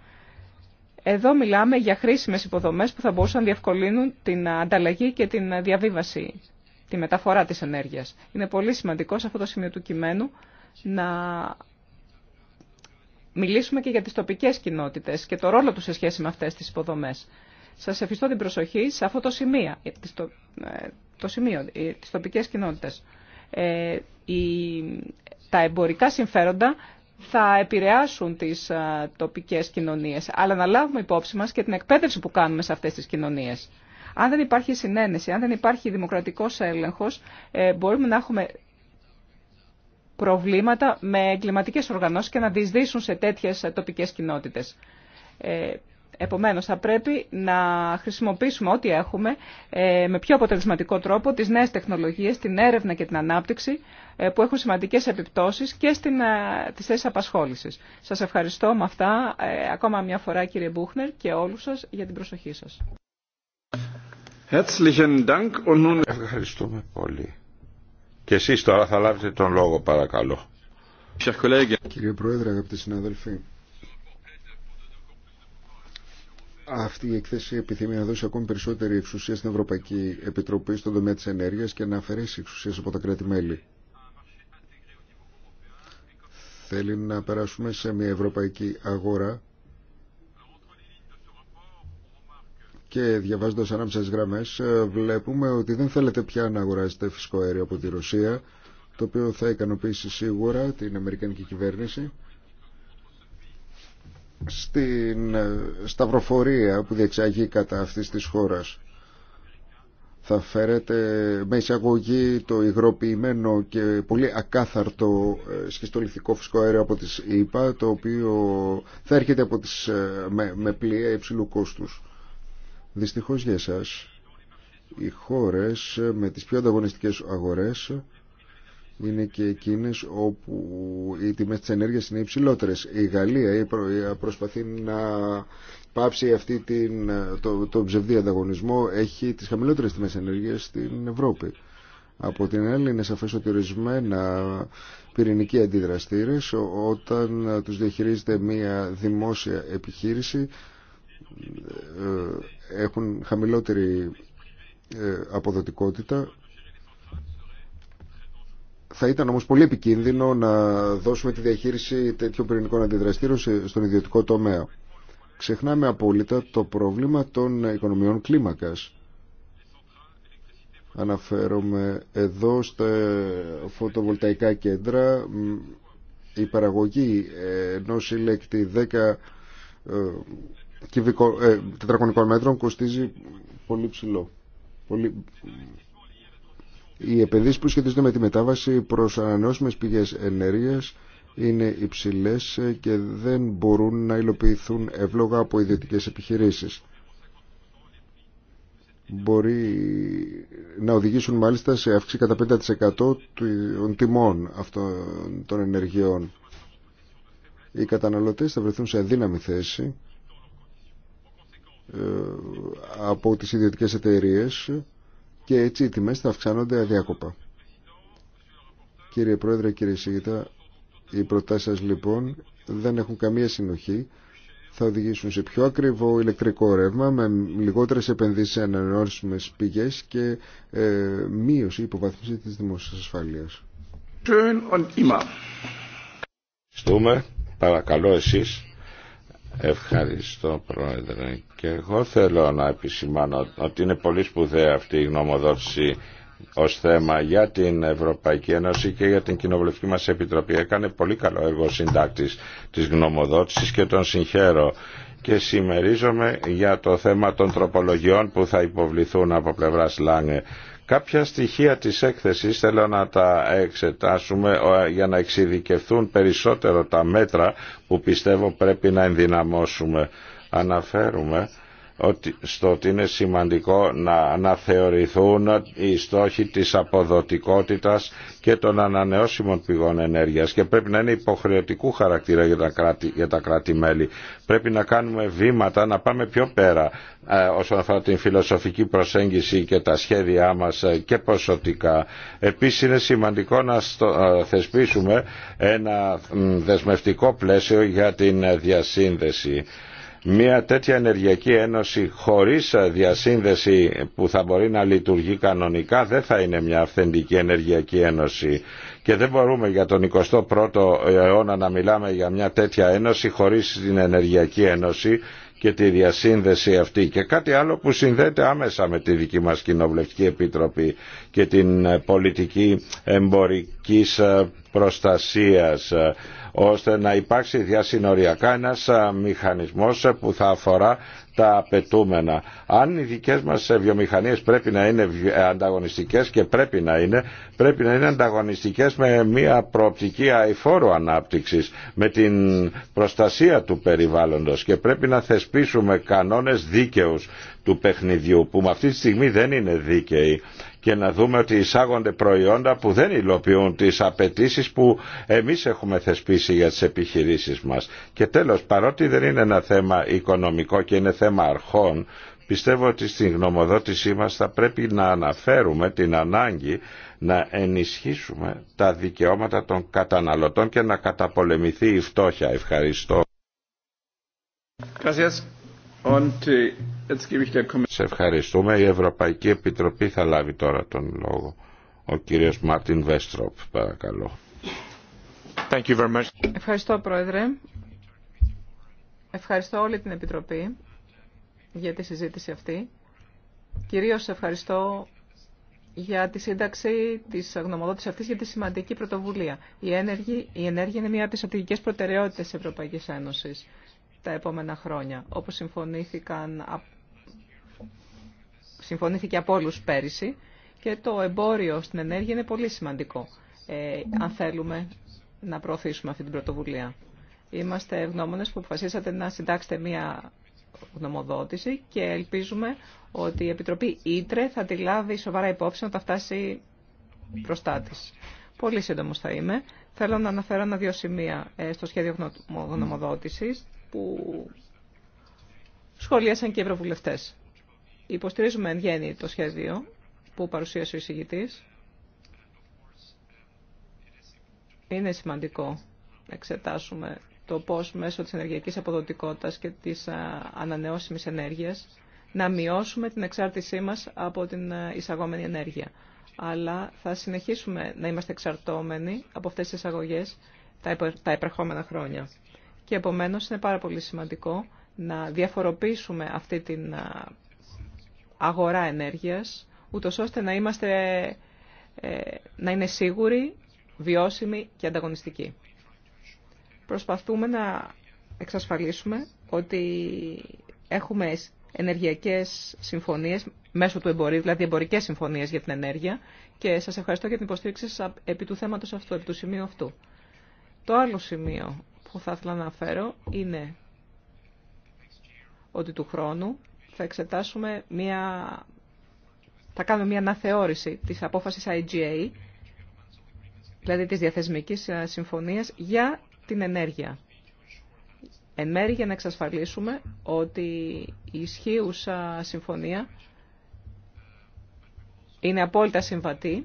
Εδώ μιλάμε για χρήσιμες υποδομές που θα μπορούσαν να διευκολύνουν την ανταλλαγή και την διαβίβαση, τη μεταφορά της ενέργειας. Είναι πολύ σημαντικό σε αυτό το σημείο του κειμένου να μιλήσουμε και για τις τοπικές κοινότητες και το ρόλο τους σε σχέση με αυτές τις υποδομές. Σας ευχηστώ την προσοχή σε αυτό το σημείο, ε, ε, το σημείο ε, τις τοπικές κοινότητες. Ε, η, τα εμπορικά συμφέροντα θα επηρεάσουν τις ε, τοπικές κοινωνίες, αλλά να λάβουμε υπόψη μας και την εκπαίδευση που κάνουμε σε αυτές τις κοινωνίες. Αν δεν υπάρχει συνένεση, αν δεν υπάρχει δημοκρατικός έλεγχος, ε, μπορούμε να έχουμε προβλήματα με εγκληματικές οργανώσεις και να διεισδύσουν σε τέτοιες ε, τοπικές κοινότητες. Επομένως, θα πρέπει να χρησιμοποιήσουμε ό,τι έχουμε με πιο αποτελεσματικό τρόπο τις νέες τεχνολογίες, την έρευνα και την ανάπτυξη ε, που έχουν σημαντικές επιπτώσεις και στην, ε, τις θέσεις απασχόλησης. Σας ευχαριστώ με αυτά ε, ακόμα μια φορά κύριε Μπούχνερ και όλους σας για την προσοχή σας. Ευχαριστούμε πολύ. Και εσείς τώρα θα λάβετε τον λόγο παρακαλώ. Κύριε Πρόεδρε, αγαπητοί συνάδελφοι, αυτή η εκθέση επιθυμεί να δώσει ακόμη περισσότερη εξουσία στην Ευρωπαϊκή Επιτροπή στον τομέα της ενέργειας και να αφαιρέσει εξουσίες από τα κράτη-μέλη. Θέλει να περάσουμε σε μια ευρωπαϊκή αγορά και διαβάζοντας ανάμεσα στις γραμμές ε, βλέπουμε ότι δεν θέλετε πια να αγοράσετε φυσικό αέριο από τη Ρωσία το οποίο θα ικανοποιήσει σίγουρα την Αμερικανική κυβέρνηση στην ε, σταυροφορία που διεξάγει κατά αυτής της χώρας θα φέρετε με εισαγωγή το υγροποιημένο και πολύ ακάθαρτο ε, σχιστολιθικό φυσικό αέριο από τις ΗΠΑ το οποίο θα έρχεται από τις, ε, με, με πλοία υψηλού κόστους. Δυστυχώς για εσάς οι χώρες με τις πιο ανταγωνιστικές αγορές είναι και εκείνες όπου οι τιμές της ενέργειας είναι υψηλότερε. Η Γαλλία προσπαθεί να πάψει αυτή την, το, το ψευδή ανταγωνισμό, έχει τις χαμηλότερες τιμές ενέργειας στην Ευρώπη. Από την άλλη είναι σαφές ότι ορισμένα πυρηνικοί αντιδραστήρες όταν τους διαχειρίζεται μια δημόσια επιχείρηση ε, έχουν χαμηλότερη ε, αποδοτικότητα θα ήταν όμως πολύ επικίνδυνο να δώσουμε τη διαχείριση τέτοιων πυρηνικών αντιδραστήρων στον ιδιωτικό τομέα. Ξεχνάμε απόλυτα το πρόβλημα των οικονομιών κλίμακας. Αναφέρομαι εδώ στα φωτοβολταϊκά κέντρα η παραγωγή ενό συλλέκτη 10 ε, ε, τετραγωνικών μέτρων κοστίζει πολύ ψηλό. Πολύ οι επενδύσεις που σχετίζονται με τη μετάβαση προς ανανεώσιμε πηγέ ενέργειας είναι υψηλέ και δεν μπορούν να υλοποιηθούν εύλογα από ιδιωτικές επιχειρήσεις. Μπορεί να οδηγήσουν μάλιστα σε αύξηση κατά 5% των τιμών αυτών των ενεργειών. Οι καταναλωτές θα βρεθούν σε αδύναμη θέση ε, από τις ιδιωτικές εταιρείες και έτσι οι τιμές θα αυξάνονται αδιάκοπα. Κύριε Πρόεδρε, κύριε Σίγητα, οι προτάσεις σας λοιπόν δεν έχουν καμία συνοχή. Θα οδηγήσουν σε πιο ακριβό ηλεκτρικό ρεύμα με λιγότερες επενδύσεις σε ανανεώσιμε πηγές και ε, μείωση υποβάθμιση της δημόσιας ασφαλείας. Στούμε, Παρακαλώ εσείς Ευχαριστώ Πρόεδρε και εγώ θέλω να επισημάνω ότι είναι πολύ σπουδαία αυτή η γνωμοδότηση ως θέμα για την Ευρωπαϊκή Ένωση και για την Κοινοβουλευτική μας Επιτροπή. Έκανε πολύ καλό έργο συντάκτης της γνωμοδότησης και τον συγχαίρω και συμμερίζομαι για το θέμα των τροπολογιών που θα υποβληθούν από πλευράς ΛΑΝΕ. Κάποια στοιχεία της έκθεσης θέλω να τα εξετάσουμε για να εξειδικευθούν περισσότερο τα μέτρα που πιστεύω πρέπει να ενδυναμώσουμε. Αναφέρουμε ότι, στο ότι είναι σημαντικό να αναθεωρηθούν οι στόχοι της αποδοτικότητας και των ανανεώσιμων πηγών ενέργειας και πρέπει να είναι υποχρεωτικού χαρακτήρα για τα, κράτη, μελη Πρέπει να κάνουμε βήματα, να πάμε πιο πέρα ε, όσον αφορά την φιλοσοφική προσέγγιση και τα σχέδιά μας ε, και ποσοτικά. Επίσης είναι σημαντικό να στο, ε, θεσπίσουμε ένα δεσμευτικό πλαίσιο για την ε, διασύνδεση μια τέτοια ενεργειακή ένωση χωρίς διασύνδεση που θα μπορεί να λειτουργεί κανονικά δεν θα είναι μια αυθεντική ενεργειακή ένωση και δεν μπορούμε για τον 21ο αιώνα να μιλάμε για μια τέτοια ένωση χωρίς την ενεργειακή ένωση και τη διασύνδεση αυτή και κάτι άλλο που συνδέεται άμεσα με τη δική μας Κοινοβουλευτική Επιτροπή και την πολιτική εμπορικής προστασίας ώστε να υπάρξει διασυνοριακά ένας μηχανισμός που θα αφορά τα απαιτούμενα. Αν οι δικές μας ε, βιομηχανίες πρέπει να είναι ε, ανταγωνιστικές και πρέπει να είναι, πρέπει να είναι ανταγωνιστικές με μια προοπτική αηφόρου ανάπτυξης, με την προστασία του περιβάλλοντος και πρέπει να θεσπίσουμε κανόνες δίκαιους του παιχνιδιού που με αυτή τη στιγμή δεν είναι δίκαιοι και να δούμε ότι εισάγονται προϊόντα που δεν υλοποιούν τις απαιτήσει που εμείς έχουμε θεσπίσει για τις επιχειρήσεις μας. Και τέλος, παρότι δεν είναι ένα θέμα οικονομικό και είναι θέμα αρχών, πιστεύω ότι στην γνωμοδότησή μας θα πρέπει να αναφέρουμε την ανάγκη να ενισχύσουμε τα δικαιώματα των καταναλωτών και να καταπολεμηθεί η φτώχεια. Ευχαριστώ. Äh, Σε ευχαριστούμε. Η Ευρωπαϊκή Επιτροπή θα λάβει τώρα τον λόγο. Ο κύριος Μάρτιν Βέστροπ, παρακαλώ. Thank you very much. Ευχαριστώ, Πρόεδρε. Ευχαριστώ όλη την Επιτροπή για τη συζήτηση αυτή. Κυρίως ευχαριστώ για τη σύνταξη της γνωμοδότηση αυτής για τη σημαντική πρωτοβουλία. Η ενέργεια, η ενέργεια είναι μία από τις στρατηγικές προτεραιότητες της Ευρωπαϊκής Ένωσης τα επόμενα χρόνια, όπως συμφωνήθηκαν, συμφωνήθηκε από όλου πέρυσι και το εμπόριο στην ενέργεια είναι πολύ σημαντικό, ε, αν θέλουμε να προωθήσουμε αυτή την πρωτοβουλία. Είμαστε ευγνώμονες που αποφασίσατε να συντάξετε μία γνωμοδότηση και ελπίζουμε ότι η Επιτροπή Ήτρε θα τη λάβει σοβαρά υπόψη να τα φτάσει μπροστά τη. Πολύ σύντομο θα είμαι. Θέλω να αναφέρω ένα-δύο σημεία ε, στο σχέδιο γνωμοδότηση που σχολίασαν και οι ευρωβουλευτές. Υποστηρίζουμε εν γέννη το σχέδιο που παρουσίασε ο εισηγητής. Είναι σημαντικό να εξετάσουμε το πώς μέσω της ενεργειακής αποδοτικότητας και της ανανεώσιμης ενέργειας να μειώσουμε την εξάρτησή μας από την εισαγόμενη ενέργεια. Αλλά θα συνεχίσουμε να είμαστε εξαρτώμενοι από αυτές τις εισαγωγές τα επερχόμενα χρόνια και επομένως είναι πάρα πολύ σημαντικό να διαφοροποιήσουμε αυτή την αγορά ενέργειας, ούτως ώστε να, είμαστε, ε, να είναι σίγουροι, βιώσιμοι και ανταγωνιστικοί. Προσπαθούμε να εξασφαλίσουμε ότι έχουμε ενεργειακές συμφωνίες μέσω του εμπορίου, δηλαδή εμπορικές συμφωνίες για την ενέργεια και σας ευχαριστώ για την υποστήριξη σας επί του θέματος αυτού, επί του σημείου αυτού. Το άλλο σημείο που θα ήθελα να αναφέρω είναι ότι του χρόνου θα εξετάσουμε μία... θα κάνουμε μία αναθεώρηση της απόφασης IGA, δηλαδή της διαθεσμικής ε, συμφωνίας, για την ενέργεια. Εν για να εξασφαλίσουμε ότι η ισχύουσα συμφωνία είναι απόλυτα συμβατή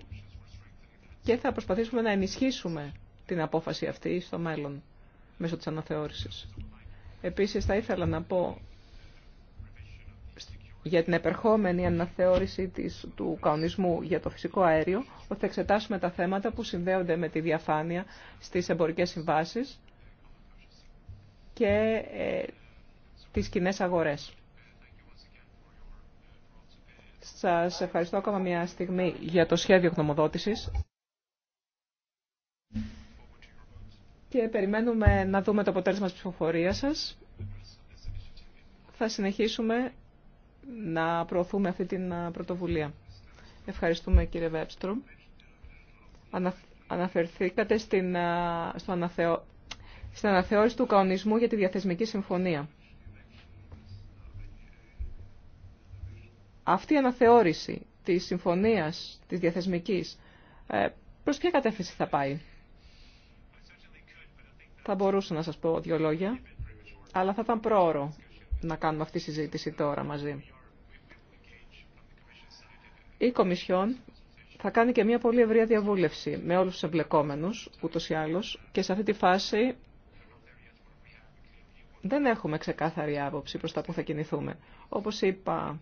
και θα προσπαθήσουμε να ενισχύσουμε την απόφαση αυτή στο μέλλον μέσω της αναθεώρησης. Επίσης, θα ήθελα να πω για την επερχόμενη αναθεώρηση της, του καονισμού για το φυσικό αέριο, ότι θα εξετάσουμε τα θέματα που συνδέονται με τη διαφάνεια στις εμπορικές συμβάσεις και ε, τις κοινέ αγορές. Σας ευχαριστώ ακόμα μια στιγμή για το σχέδιο γνωμοδότησης. και περιμένουμε να δούμε το αποτέλεσμα της ψηφοφορίας σας. Θα συνεχίσουμε να προωθούμε αυτή την πρωτοβουλία. Ευχαριστούμε κύριε Βέμπστρομ. Αναφερθήκατε στην, στο αναθεω... στην αναθεώρηση του κανονισμού για τη διαθεσμική συμφωνία. Αυτή η αναθεώρηση της συμφωνίας της διαθεσμικής ε, προς ποια κατεύθυνση θα πάει. Θα μπορούσα να σας πω δύο λόγια, αλλά θα ήταν πρόωρο να κάνουμε αυτή τη συζήτηση τώρα μαζί. Η Κομισιόν θα κάνει και μια πολύ ευρεία διαβούλευση με όλους τους εμπλεκόμενους, ούτως ή άλλως, και σε αυτή τη φάση δεν έχουμε ξεκάθαρη άποψη προς τα που θα κινηθούμε. Όπως είπα,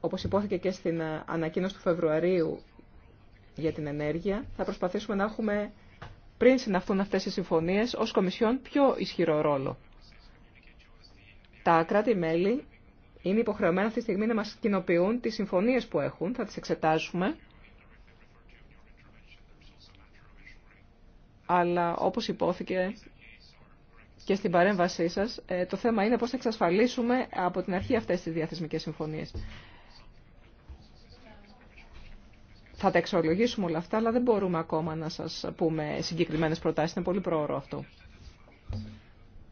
όπως υπόθηκε και στην ανακοίνωση του Φεβρουαρίου για την ενέργεια, θα προσπαθήσουμε να έχουμε πριν συναφθούν αυτές οι συμφωνίες ως Κομισιόν πιο ισχυρό ρόλο. Τα κράτη-μέλη είναι υποχρεωμένα αυτή τη στιγμή να μας κοινοποιούν τις συμφωνίες που έχουν, θα τις εξετάσουμε. Αλλά όπως υπόθηκε και στην παρέμβασή σας, ε, το θέμα είναι πώς θα εξασφαλίσουμε από την αρχή αυτές τις διαθεσμικές συμφωνίες. Θα τα εξολογήσουμε όλα αυτά, αλλά δεν μπορούμε ακόμα να σας πούμε συγκεκριμένες προτάσεις. Είναι πολύ προωρό αυτό.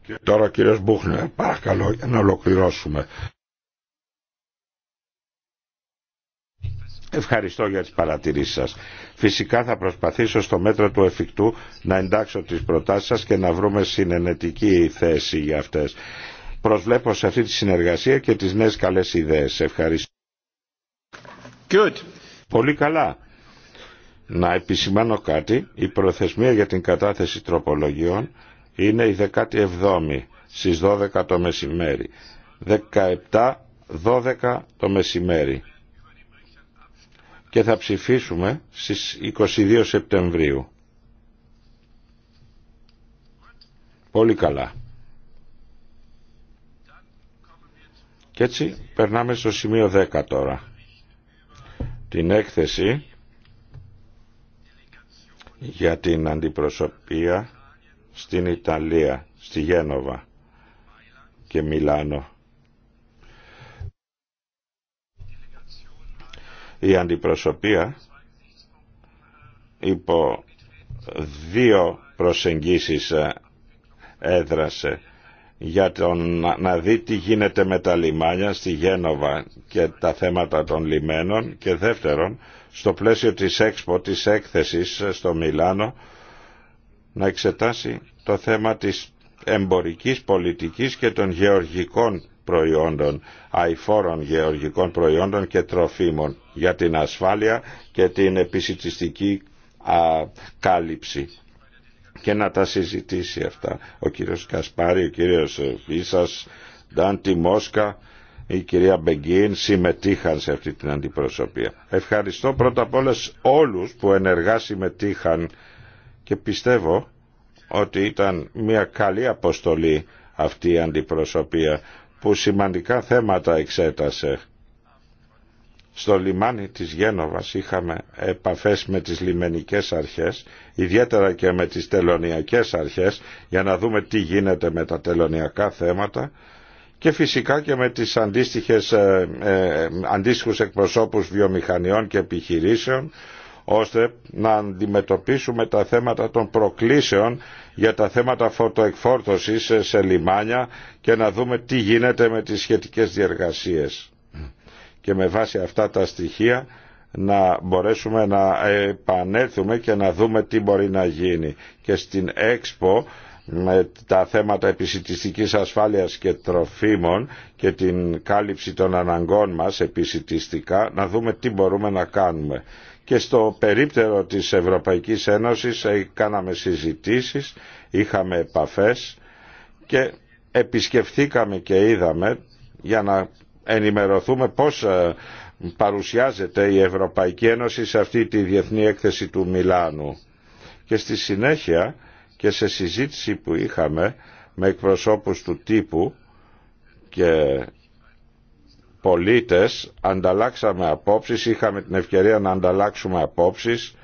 Και τώρα κύριε Μπούχνερ, παρακαλώ για να ολοκληρώσουμε. Ευχαριστώ για τις παρατηρήσεις σας. Φυσικά θα προσπαθήσω στο μέτρο του εφικτού να εντάξω τις προτάσεις σας και να βρούμε συνενετική θέση για αυτές. Προσβλέπω σε αυτή τη συνεργασία και τις νέες καλές ιδέες. Ευχαριστώ. Good. Πολύ καλά. Να επισημάνω κάτι, η προθεσμία για την κατάθεση τροπολογιών είναι η 17η στις 12 το μεσημέρι. 17, 12 το μεσημέρι. Και θα ψηφίσουμε στις 22 Σεπτεμβρίου. Πολύ καλά. Και έτσι περνάμε στο σημείο 10 τώρα την έκθεση για την αντιπροσωπεία στην Ιταλία, στη Γένοβα και Μιλάνο. Η αντιπροσωπεία υπό δύο προσεγγίσεις ε, έδρασε για τον, να δει τι γίνεται με τα λιμάνια στη Γένοβα και τα θέματα των λιμένων και δεύτερον στο πλαίσιο της έξπο της έκθεσης στο Μιλάνο να εξετάσει το θέμα της εμπορικής πολιτικής και των γεωργικών προϊόντων, αηφόρων γεωργικών προϊόντων και τροφίμων για την ασφάλεια και την επισητιστική κάλυψη και να τα συζητήσει αυτά. Ο κύριος Κασπάρη, ο κύριος Φίσας, Ντάντι Μόσκα, η κυρία Μπεγκίν συμμετείχαν σε αυτή την αντιπροσωπεία. Ευχαριστώ πρώτα απ' όλες όλους που ενεργά συμμετείχαν και πιστεύω ότι ήταν μια καλή αποστολή αυτή η αντιπροσωπεία που σημαντικά θέματα εξέτασε στο λιμάνι της Γένοβας είχαμε επαφές με τις λιμενικές αρχές, ιδιαίτερα και με τις τελωνιακές αρχές, για να δούμε τι γίνεται με τα τελωνιακά θέματα και φυσικά και με τις αντίστοιχες, ε, ε αντίστοιχους εκπροσώπους βιομηχανιών και επιχειρήσεων, ώστε να αντιμετωπίσουμε τα θέματα των προκλήσεων για τα θέματα φωτοεκφόρτωσης σε λιμάνια και να δούμε τι γίνεται με τις σχετικές διεργασίες και με βάση αυτά τα στοιχεία να μπορέσουμε να επανέλθουμε και να δούμε τι μπορεί να γίνει. Και στην ΕΞΠΟ με τα θέματα επισητιστικής ασφάλειας και τροφίμων και την κάλυψη των αναγκών μας επισητιστικά να δούμε τι μπορούμε να κάνουμε. Και στο περίπτερο της Ευρωπαϊκής Ένωσης ε, κάναμε συζητήσεις, είχαμε επαφές και επισκεφθήκαμε και είδαμε για να ενημερωθούμε πώς ε, παρουσιάζεται η Ευρωπαϊκή Ένωση σε αυτή τη διεθνή έκθεση του Μιλάνου. Και στη συνέχεια και σε συζήτηση που είχαμε με εκπροσώπους του τύπου και πολίτες ανταλλάξαμε απόψεις, είχαμε την ευκαιρία να ανταλλάξουμε απόψεις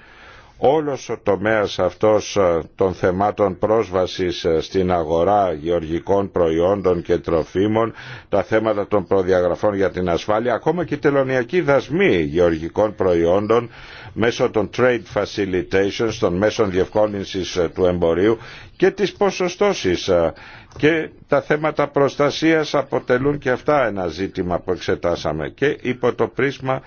όλος ο τομέας αυτός ε, των θεμάτων πρόσβασης ε, στην αγορά γεωργικών προϊόντων και τροφίμων, τα θέματα των προδιαγραφών για την ασφάλεια, ακόμα και τελωνιακή δασμοί γεωργικών προϊόντων μέσω των trade facilitations, των μέσων διευκόλυνσης ε, του εμπορίου και τις ποσοστώσεις και τα θέματα προστασίας αποτελούν και αυτά ένα ζήτημα που εξετάσαμε και υπό το πρίσμα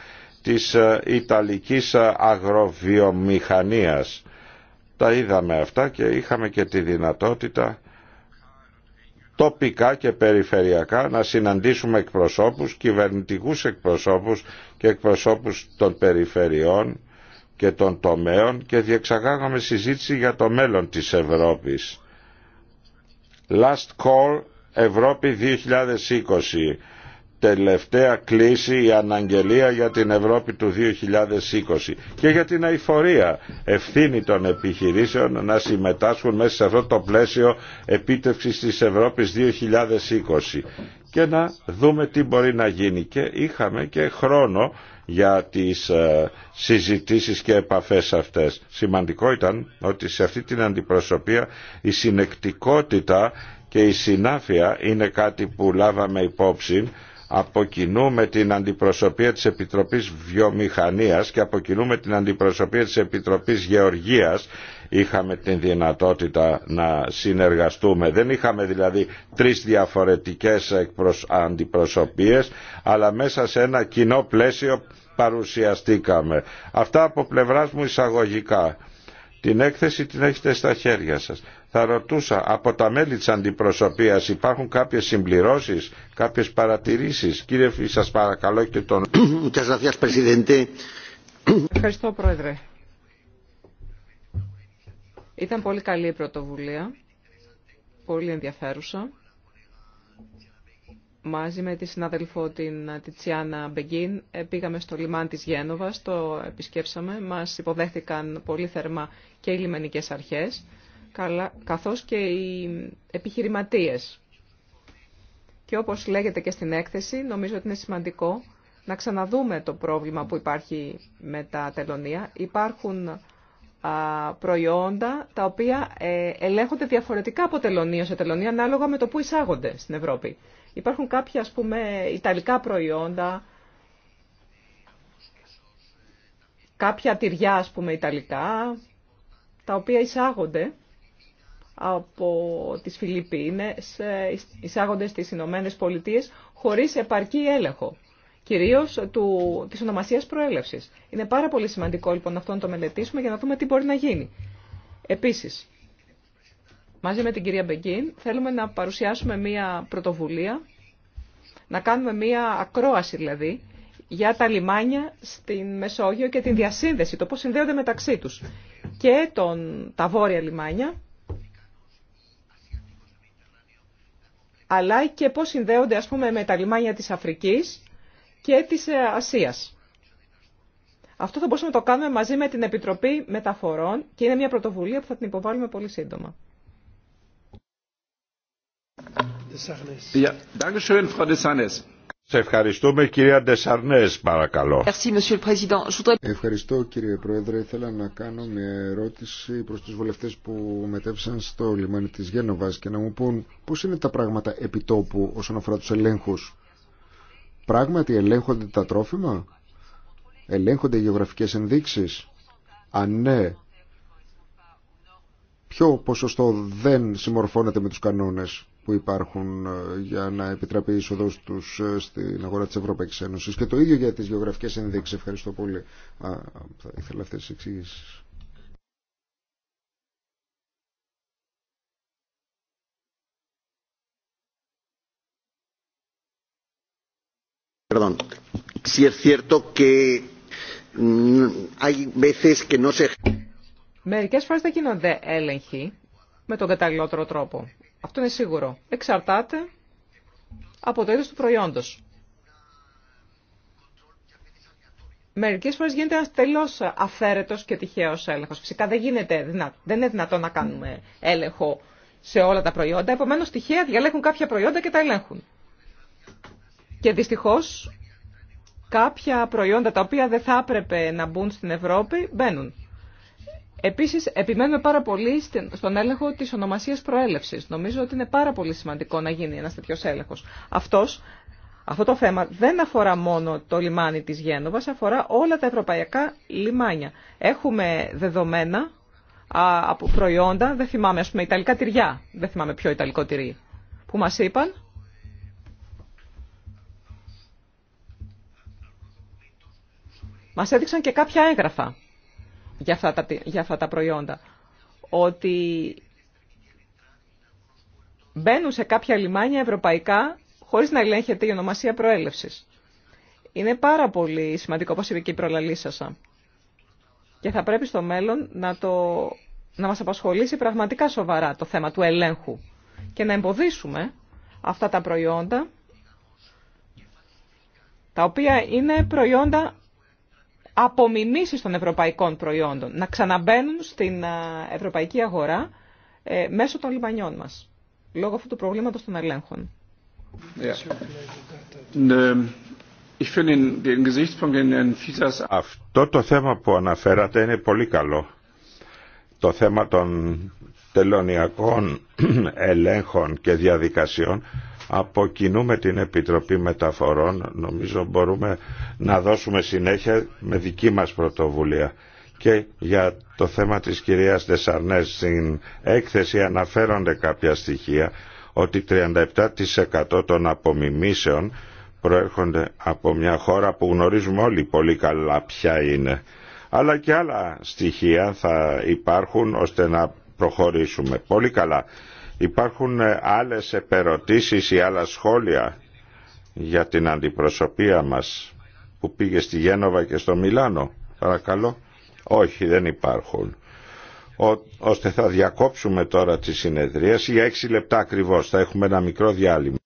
της ε, Ιταλικής ε, αγροβιομηχανίας. Τα είδαμε αυτά και είχαμε και τη δυνατότητα τοπικά και περιφερειακά να συναντήσουμε εκπροσώπους, κυβερνητικούς εκπροσώπους και εκπροσώπους των περιφερειών και των τομέων και διεξαγάγαμε συζήτηση για το μέλλον της Ευρώπης. Last Call Ευρώπη 2020 τελευταία κλίση, η αναγγελία για την Ευρώπη του 2020 και για την αηφορία ευθύνη των επιχειρήσεων να συμμετάσχουν μέσα σε αυτό το πλαίσιο επίτευξης της Ευρώπης 2020 και να δούμε τι μπορεί να γίνει. Και είχαμε και χρόνο για τις ε, συζητήσεις και επαφές αυτές. Σημαντικό ήταν ότι σε αυτή την αντιπροσωπεία η συνεκτικότητα και η συνάφεια είναι κάτι που λάβαμε υπόψη από την αντιπροσωπεία της Επιτροπής Βιομηχανίας και από την αντιπροσωπεία της Επιτροπής Γεωργίας είχαμε την δυνατότητα να συνεργαστούμε. Δεν είχαμε δηλαδή τρεις διαφορετικές αντιπροσωπείες, αλλά μέσα σε ένα κοινό πλαίσιο παρουσιαστήκαμε. Αυτά από πλευράς μου εισαγωγικά. Την έκθεση την έχετε στα χέρια σας. Θα ρωτούσα από τα μέλη της αντιπροσωπείας υπάρχουν κάποιες συμπληρώσεις, κάποιες παρατηρήσεις. Κύριε σας παρακαλώ και τον... Ευχαριστώ Πρόεδρε. Ήταν πολύ καλή η πρωτοβουλία, πολύ ενδιαφέρουσα. Μαζί με τη συνάδελφο την Τιτσιάνα Μπεγκίν ε, πήγαμε στο λιμάνι της Γένοβας, το επισκέψαμε. Μας υποδέχτηκαν πολύ θερμά και οι λιμενικές αρχές καλά, καθώς και οι επιχειρηματίες. Και όπως λέγεται και στην έκθεση, νομίζω ότι είναι σημαντικό να ξαναδούμε το πρόβλημα που υπάρχει με τα τελωνία. Υπάρχουν προϊόντα τα οποία ε, ελέγχονται διαφορετικά από τελωνία σε τελωνία ανάλογα με το που εισάγονται στην Ευρώπη. Υπάρχουν κάποια ας πούμε ιταλικά προϊόντα, κάποια τυριά ας πούμε ιταλικά, τα οποία εισάγονται από τις Φιλιππίνες ε, εισάγονται στις Ηνωμένε Πολιτείε χωρίς επαρκή έλεγχο, κυρίως του, της ονομασίας προέλευσης. Είναι πάρα πολύ σημαντικό λοιπόν αυτό να το μελετήσουμε για να δούμε τι μπορεί να γίνει. Επίσης, μαζί με την κυρία Μπεγκίν θέλουμε να παρουσιάσουμε μία πρωτοβουλία, να κάνουμε μία ακρόαση δηλαδή, για τα λιμάνια στην Μεσόγειο και την διασύνδεση, το πώς συνδέονται μεταξύ τους και τον, τα βόρεια λιμάνια αλλά και πώς συνδέονται ας πούμε με τα λιμάνια της Αφρικής και της ε, Ασίας. Αυτό θα μπορούσαμε να το κάνουμε μαζί με την Επιτροπή Μεταφορών και είναι μια πρωτοβουλία που θα την υποβάλουμε πολύ σύντομα. Frau σε ευχαριστούμε κυρία Ντεσαρνές παρακαλώ. Ευχαριστώ κύριε Πρόεδρε. Ήθελα να κάνω μια ερώτηση προς τους βουλευτές που μετέβησαν στο λιμάνι της Γένοβας και να μου πούν πώς είναι τα πράγματα επιτόπου όσον αφορά τους ελέγχους. Πράγματι ελέγχονται τα τρόφιμα, ελέγχονται οι γεωγραφικές ενδείξεις. Αν ναι, ποιο ποσοστό δεν συμμορφώνεται με τους κανόνες που υπάρχουν ε, για να επιτραπεί η είσοδο του ε, στην αγορά τη Ευρωπαϊκή Ένωση. Και το ίδιο για τι γεωγραφικέ ενδείξει. Ευχαριστώ πολύ. Α, θα ήθελα αυτέ τι εξηγήσει. Perdón. Sí es cierto que mm, hay veces que no se... δεν γίνονται έλεγχοι με τον καταλληλότερο τρόπο. Αυτό είναι σίγουρο. Εξαρτάται από το είδος του προϊόντος. Μερικέ φορέ γίνεται ένα τελώ αφαίρετο και τυχαίο έλεγχο. Φυσικά δεν, γίνεται δυνατό, δεν είναι δυνατόν να κάνουμε έλεγχο σε όλα τα προϊόντα. Επομένω, τυχαία διαλέγουν κάποια προϊόντα και τα ελέγχουν. Και δυστυχώ, κάποια προϊόντα τα οποία δεν θα έπρεπε να μπουν στην Ευρώπη μπαίνουν. Επίσης, επιμένουμε πάρα πολύ στον έλεγχο τη ονομασία προέλευση. Νομίζω ότι είναι πάρα πολύ σημαντικό να γίνει ένας τέτοιος έλεγχος. Αυτός, αυτό το θέμα δεν αφορά μόνο το λιμάνι της Γένοβας, αφορά όλα τα ευρωπαϊκά λιμάνια. Έχουμε δεδομένα από προϊόντα, δεν θυμάμαι, ας πούμε, ιταλικά τυριά, δεν θυμάμαι ποιο ιταλικό τυρί, που μας είπαν Μας έδειξαν και κάποια έγγραφα για αυτά τα, προϊόντα. Ότι μπαίνουν σε κάποια λιμάνια ευρωπαϊκά χωρίς να ελέγχεται η ονομασία προέλευσης. Είναι πάρα πολύ σημαντικό, όπως είπε και η προλαλήσασα. Και θα πρέπει στο μέλλον να, το, να μας απασχολήσει πραγματικά σοβαρά το θέμα του ελέγχου και να εμποδίσουμε αυτά τα προϊόντα, τα οποία είναι προϊόντα απομιμήσεις των ευρωπαϊκών προϊόντων, να ξαναμπαίνουν στην ευρωπαϊκή αγορά ε, μέσω των λιμανιών μας, λόγω αυτού του προβλήματος των ελέγχων. Um, Αυτό το θέμα που αναφέρατε είναι πολύ καλό. Το θέμα των τελωνιακών ελέγχων και διαδικασιών Αποκινούμε την Επιτροπή Μεταφορών νομίζω μπορούμε να δώσουμε συνέχεια με δική μας πρωτοβουλία και για το θέμα της κυρίας Δεσαρνές στην έκθεση αναφέρονται κάποια στοιχεία ότι 37% των απομιμήσεων προέρχονται από μια χώρα που γνωρίζουμε όλοι πολύ καλά ποια είναι αλλά και άλλα στοιχεία θα υπάρχουν ώστε να προχωρήσουμε πολύ καλά Υπάρχουν ε, άλλες επερωτήσεις ή άλλα σχόλια για την αντιπροσωπεία μας που πήγε στη Γένοβα και στο Μιλάνο. Παρακαλώ. Όχι, δεν υπάρχουν. Ώστε θα διακόψουμε τώρα τη συνεδρίες για έξι λεπτά ακριβώς. Θα έχουμε ένα μικρό διάλειμμα.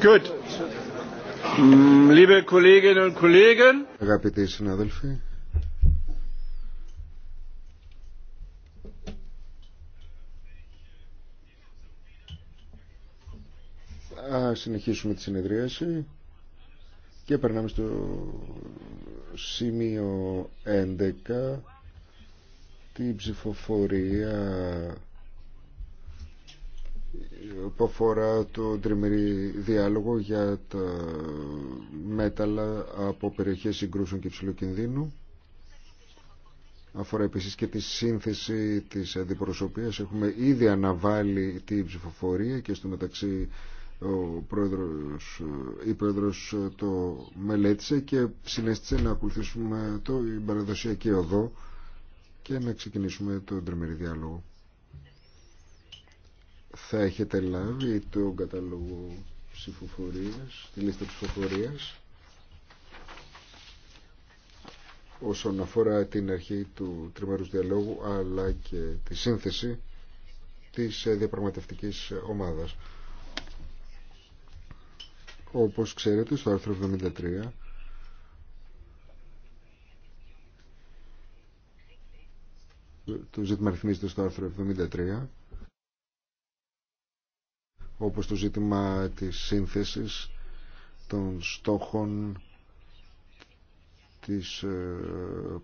Good. Mm, liebe Αγαπητοί συνάδελφοι. Α συνεχίσουμε τη συνεδρίαση και περνάμε στο σημείο 11 την ψηφοφορία που αφορά το τριμερή διάλογο για τα μέταλλα από περιοχές συγκρούσεων και υψηλού Αφορά επίσης και τη σύνθεση της αντιπροσωπείας. Έχουμε ήδη αναβάλει τη ψηφοφορία και στο μεταξύ ο πρόεδρος, η πρόεδρος το μελέτησε και συνέστησε να ακολουθήσουμε το, η παραδοσιακή οδό και να ξεκινήσουμε τον τριμερή διάλογο. Θα έχετε λάβει τον καταλόγο ψηφοφορίας, τη λίστα ψηφοφορίας όσον αφορά την αρχή του τριμερούς διαλόγου αλλά και τη σύνθεση της διαπραγματευτικής ομάδας. Όπως ξέρετε στο άρθρο 73 το ζήτημα ρυθμίζεται στο άρθρο 73 όπως το ζήτημα της σύνθεσης των στόχων της ε,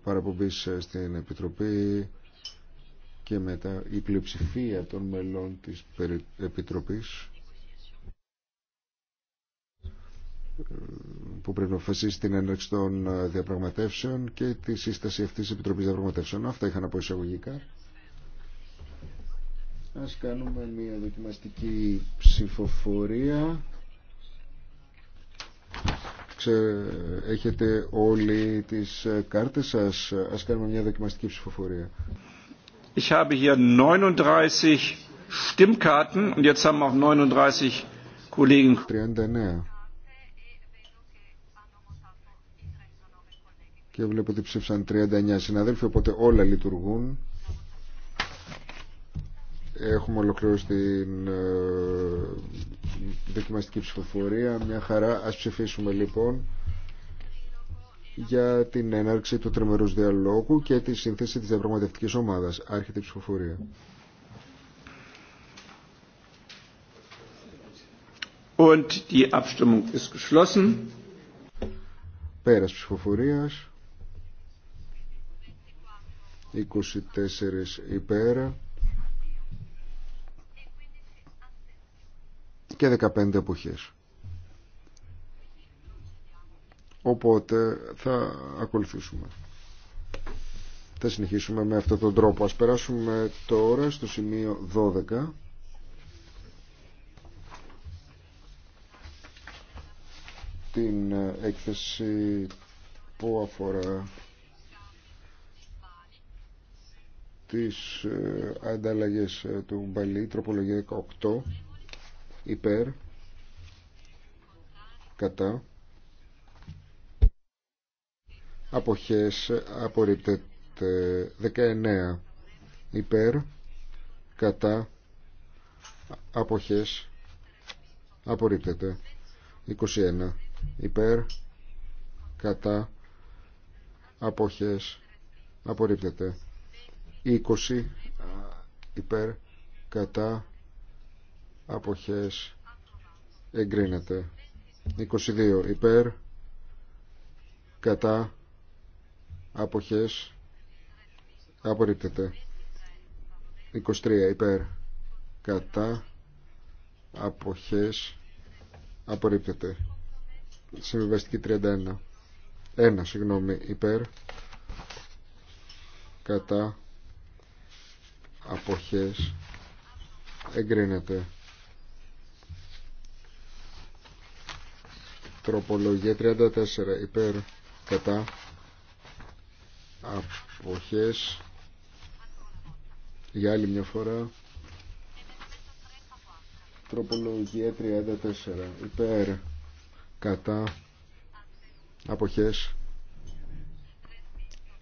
παραπομπής στην Επιτροπή και μετά η πλειοψηφία των μελών της Επιτροπής ε, που πρέπει να αποφασίσει την έναρξη των ε, διαπραγματεύσεων και τη σύσταση αυτής της Επιτροπής Διαπραγματεύσεων. Αυτά είχα να πω εισαγωγικά. Ας κάνουμε μια δοκιμαστική ψηφοφορία. Έχετε όλοι τις ε, κάρτες σας. Ας κάνουμε μια δοκιμαστική ψηφοφορία. Ich habe hier 39 Stimmkarten und jetzt haben auch 39 Kollegen. 39. Και βλέπω ότι ψήφισαν 39 συναδέλφοι, οπότε όλα λειτουργούν. Έχουμε ολοκληρώσει την ε, δοκιμαστική ψηφοφορία. Μια χαρά. Ας ψηφίσουμε λοιπόν για την έναρξη του τριμερούς διαλόγου και τη σύνθεση της διαπραγματευτικής ομάδας. Άρχεται η ψηφοφορία. Und die Abstimmung ist Πέρας ψηφοφορίας. 24 υπέρα. και 15 εποχές. Οπότε θα ακολουθήσουμε. Θα συνεχίσουμε με αυτόν τον τρόπο. Ας περάσουμε τώρα στο σημείο 12. την ε, έκθεση που αφορά τις ε, ανταλλαγές ε, του Μπαλή, τροπολογία υπέρ κατά αποχές απορρίπτεται 19 υπέρ κατά αποχές απορρίπτεται 21 υπέρ κατά αποχές απορρίπτεται 20 υπέρ κατά αποχές εγκρίνεται 22 υπέρ κατά αποχές απορρίπτεται 23 υπέρ κατά αποχές απορρίπτεται συμβιβαστική 31 1 συγγνώμη υπέρ κατά αποχές εγκρίνεται Τροπολογία 34 υπέρ κατά αποχές για άλλη μια φορά τροπολογία 34 υπέρ κατά αποχές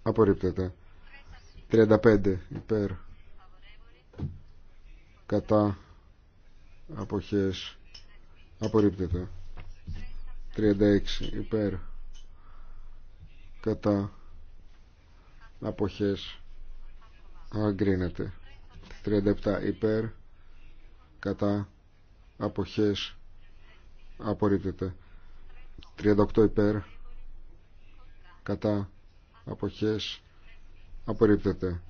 απορρίπτεται 35 υπέρ κατά αποχές απορρίπτεται 36 υπέρ κατά αποχές αγκρίνεται 37 υπέρ κατά αποχές απορρίπτεται 38 υπέρ κατά αποχές απορρίπτεται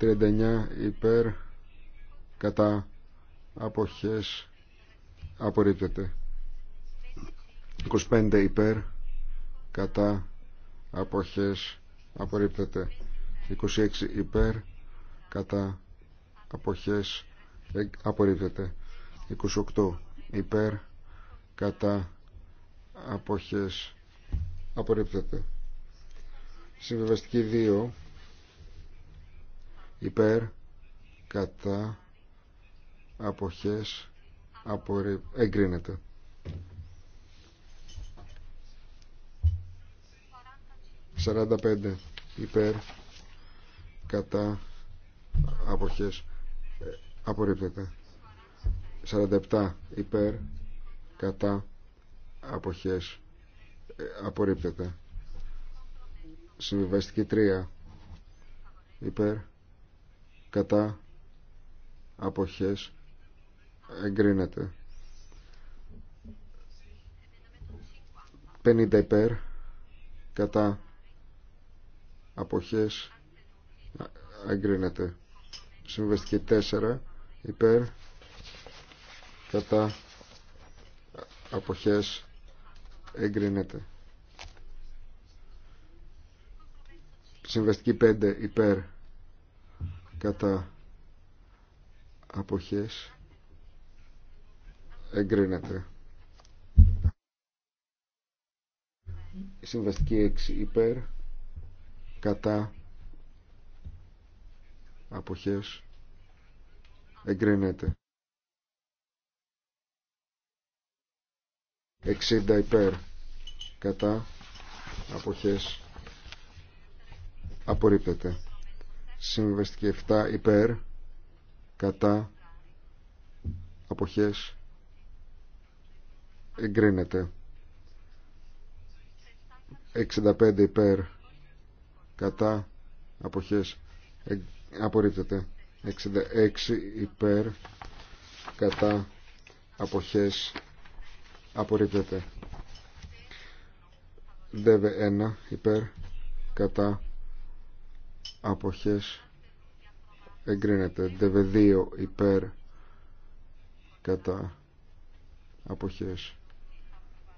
39 υπέρ κατά αποχές απορρίπτεται 25 υπέρ κατά αποχές απορρίπτεται 26 ε, υπέρ κατά αποχές απορρίπτεται 28 υπέρ κατά αποχές απορρίπτεται συμβεβαστική 2 υπέρ κατά αποχές απορρίπ... εγκρίνεται 45 υπέρ κατά αποχές ε, απορρίπτεται 47 υπέρ κατά αποχές ε, απορρίπτεται συμβιβαστική 3 υπέρ κατά αποχές εγκρίνεται 50 υπέρ κατά αποχές αγκρίνεται συμβαστική 4 υπέρ κατά αποχές εγκρίνεται συμβαστική 5 υπέρ κατά αποχές εγκρίνεται συμβαστική 6 υπέρ κατά αποχές εγκρίνεται 60 υπέρ κατά αποχές απορρίπτεται Συμβεστική 7 υπέρ κατά αποχές εγκρίνεται 65 υπέρ κατά αποχές ε, απορρίπτεται 66 υπέρ κατά αποχές απορρίπτεται ΔΕΒΕ 1 υπέρ κατά αποχές εγκρίνεται ΔΕΒΕ 2 υπέρ κατά αποχές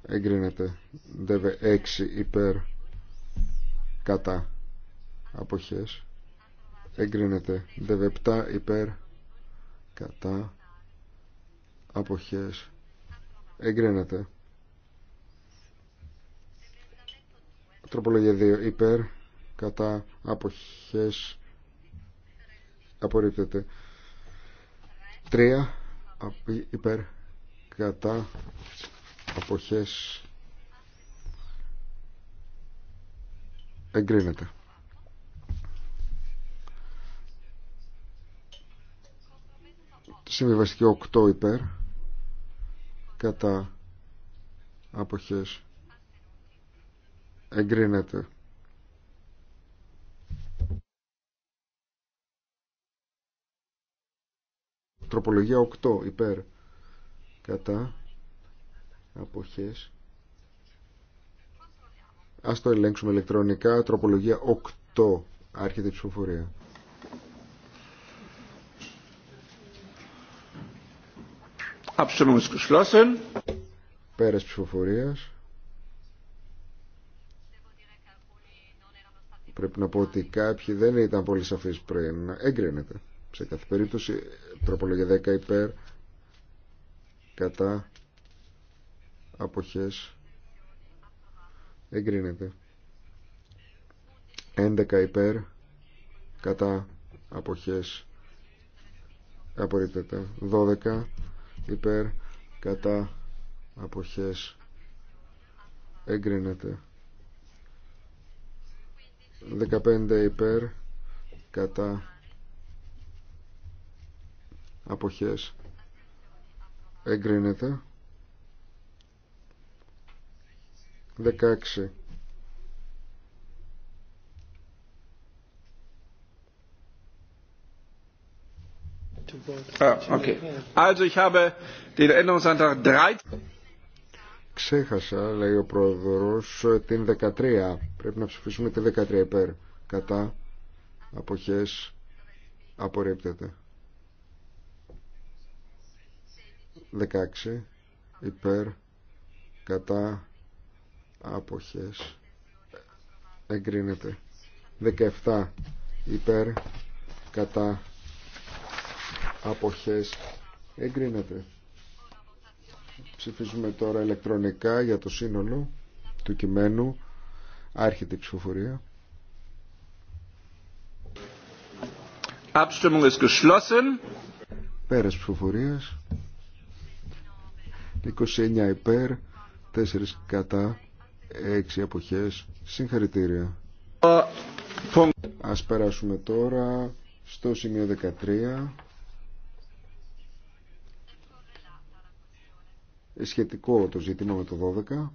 εγκρίνεται Δευε 6 υπέρ κατά αποχές εγκρίνεται δεβεπτά υπέρ κατά αποχές εγκρίνεται τροπολογία 2 υπέρ κατά αποχές απορρίπτεται 3 υπέρ κατά αποχές εγκρίνεται Συμβιβαστική 8 υπέρ κατά αποχές εγκρίνεται. Τροπολογία 8 υπέρ κατά αποχές Ας το ελέγξουμε ηλεκτρονικά. Τροπολογία 8. Άρχεται η ψηφοφορία. Abstimmung ist Πέρας ψηφοφορίας. Πρέπει να πω ότι κάποιοι δεν ήταν πολύ σαφείς πριν. Έγκρινεται. Σε κάθε περίπτωση τροπολογία 10 υπέρ κατά αποχές εγκρίνεται 11 υπέρ κατά αποχές απορρίπτεται 12 υπέρ κατά αποχές εγκρίνεται 15 υπέρ κατά αποχές εγκρίνεται 16 Ah, Ξέχασα, λέει ο Πρόεδρο, την 13. Πρέπει να ψηφίσουμε τη 13 υπέρ. Κατά Αποχέ. απορρίπτεται. 16 υπέρ κατά Αποχέ. εγκρίνεται 17 υπέρ κατά αποχές εγκρίνεται ψηφίζουμε τώρα ηλεκτρονικά για το σύνολο του κειμένου άρχεται ψηφοφορία Abstimmung ist ψηφοφορίας 29 υπέρ 4 κατά 6 αποχές συγχαρητήρια Ας περάσουμε τώρα στο σημείο 13 σχετικό το ζήτημα με το 12.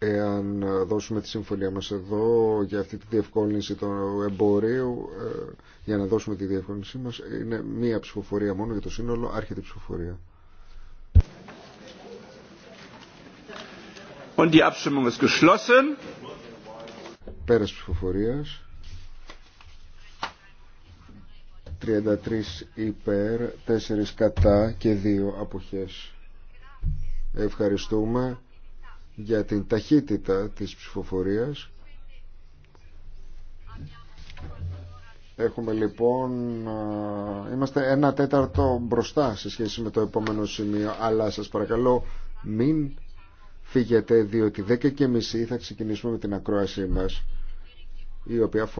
Εάν δώσουμε τη συμφωνία μας εδώ για αυτή τη διευκόλυνση του εμπορίου, ε, για να δώσουμε τη διευκόλυνσή μας, είναι μία ψηφοφορία μόνο για το σύνολο, άρχεται η ψηφοφορία. Und Πέρας ψηφοφορίας. 33 υπέρ, 4 κατά και 2 αποχές. Ευχαριστούμε για την ταχύτητα της ψηφοφορίας. Έχουμε λοιπόν, είμαστε ένα τέταρτο μπροστά σε σχέση με το επόμενο σημείο, αλλά σας παρακαλώ μην φύγετε διότι 10 και μισή θα ξεκινήσουμε με την ακρόασή μας, η οποία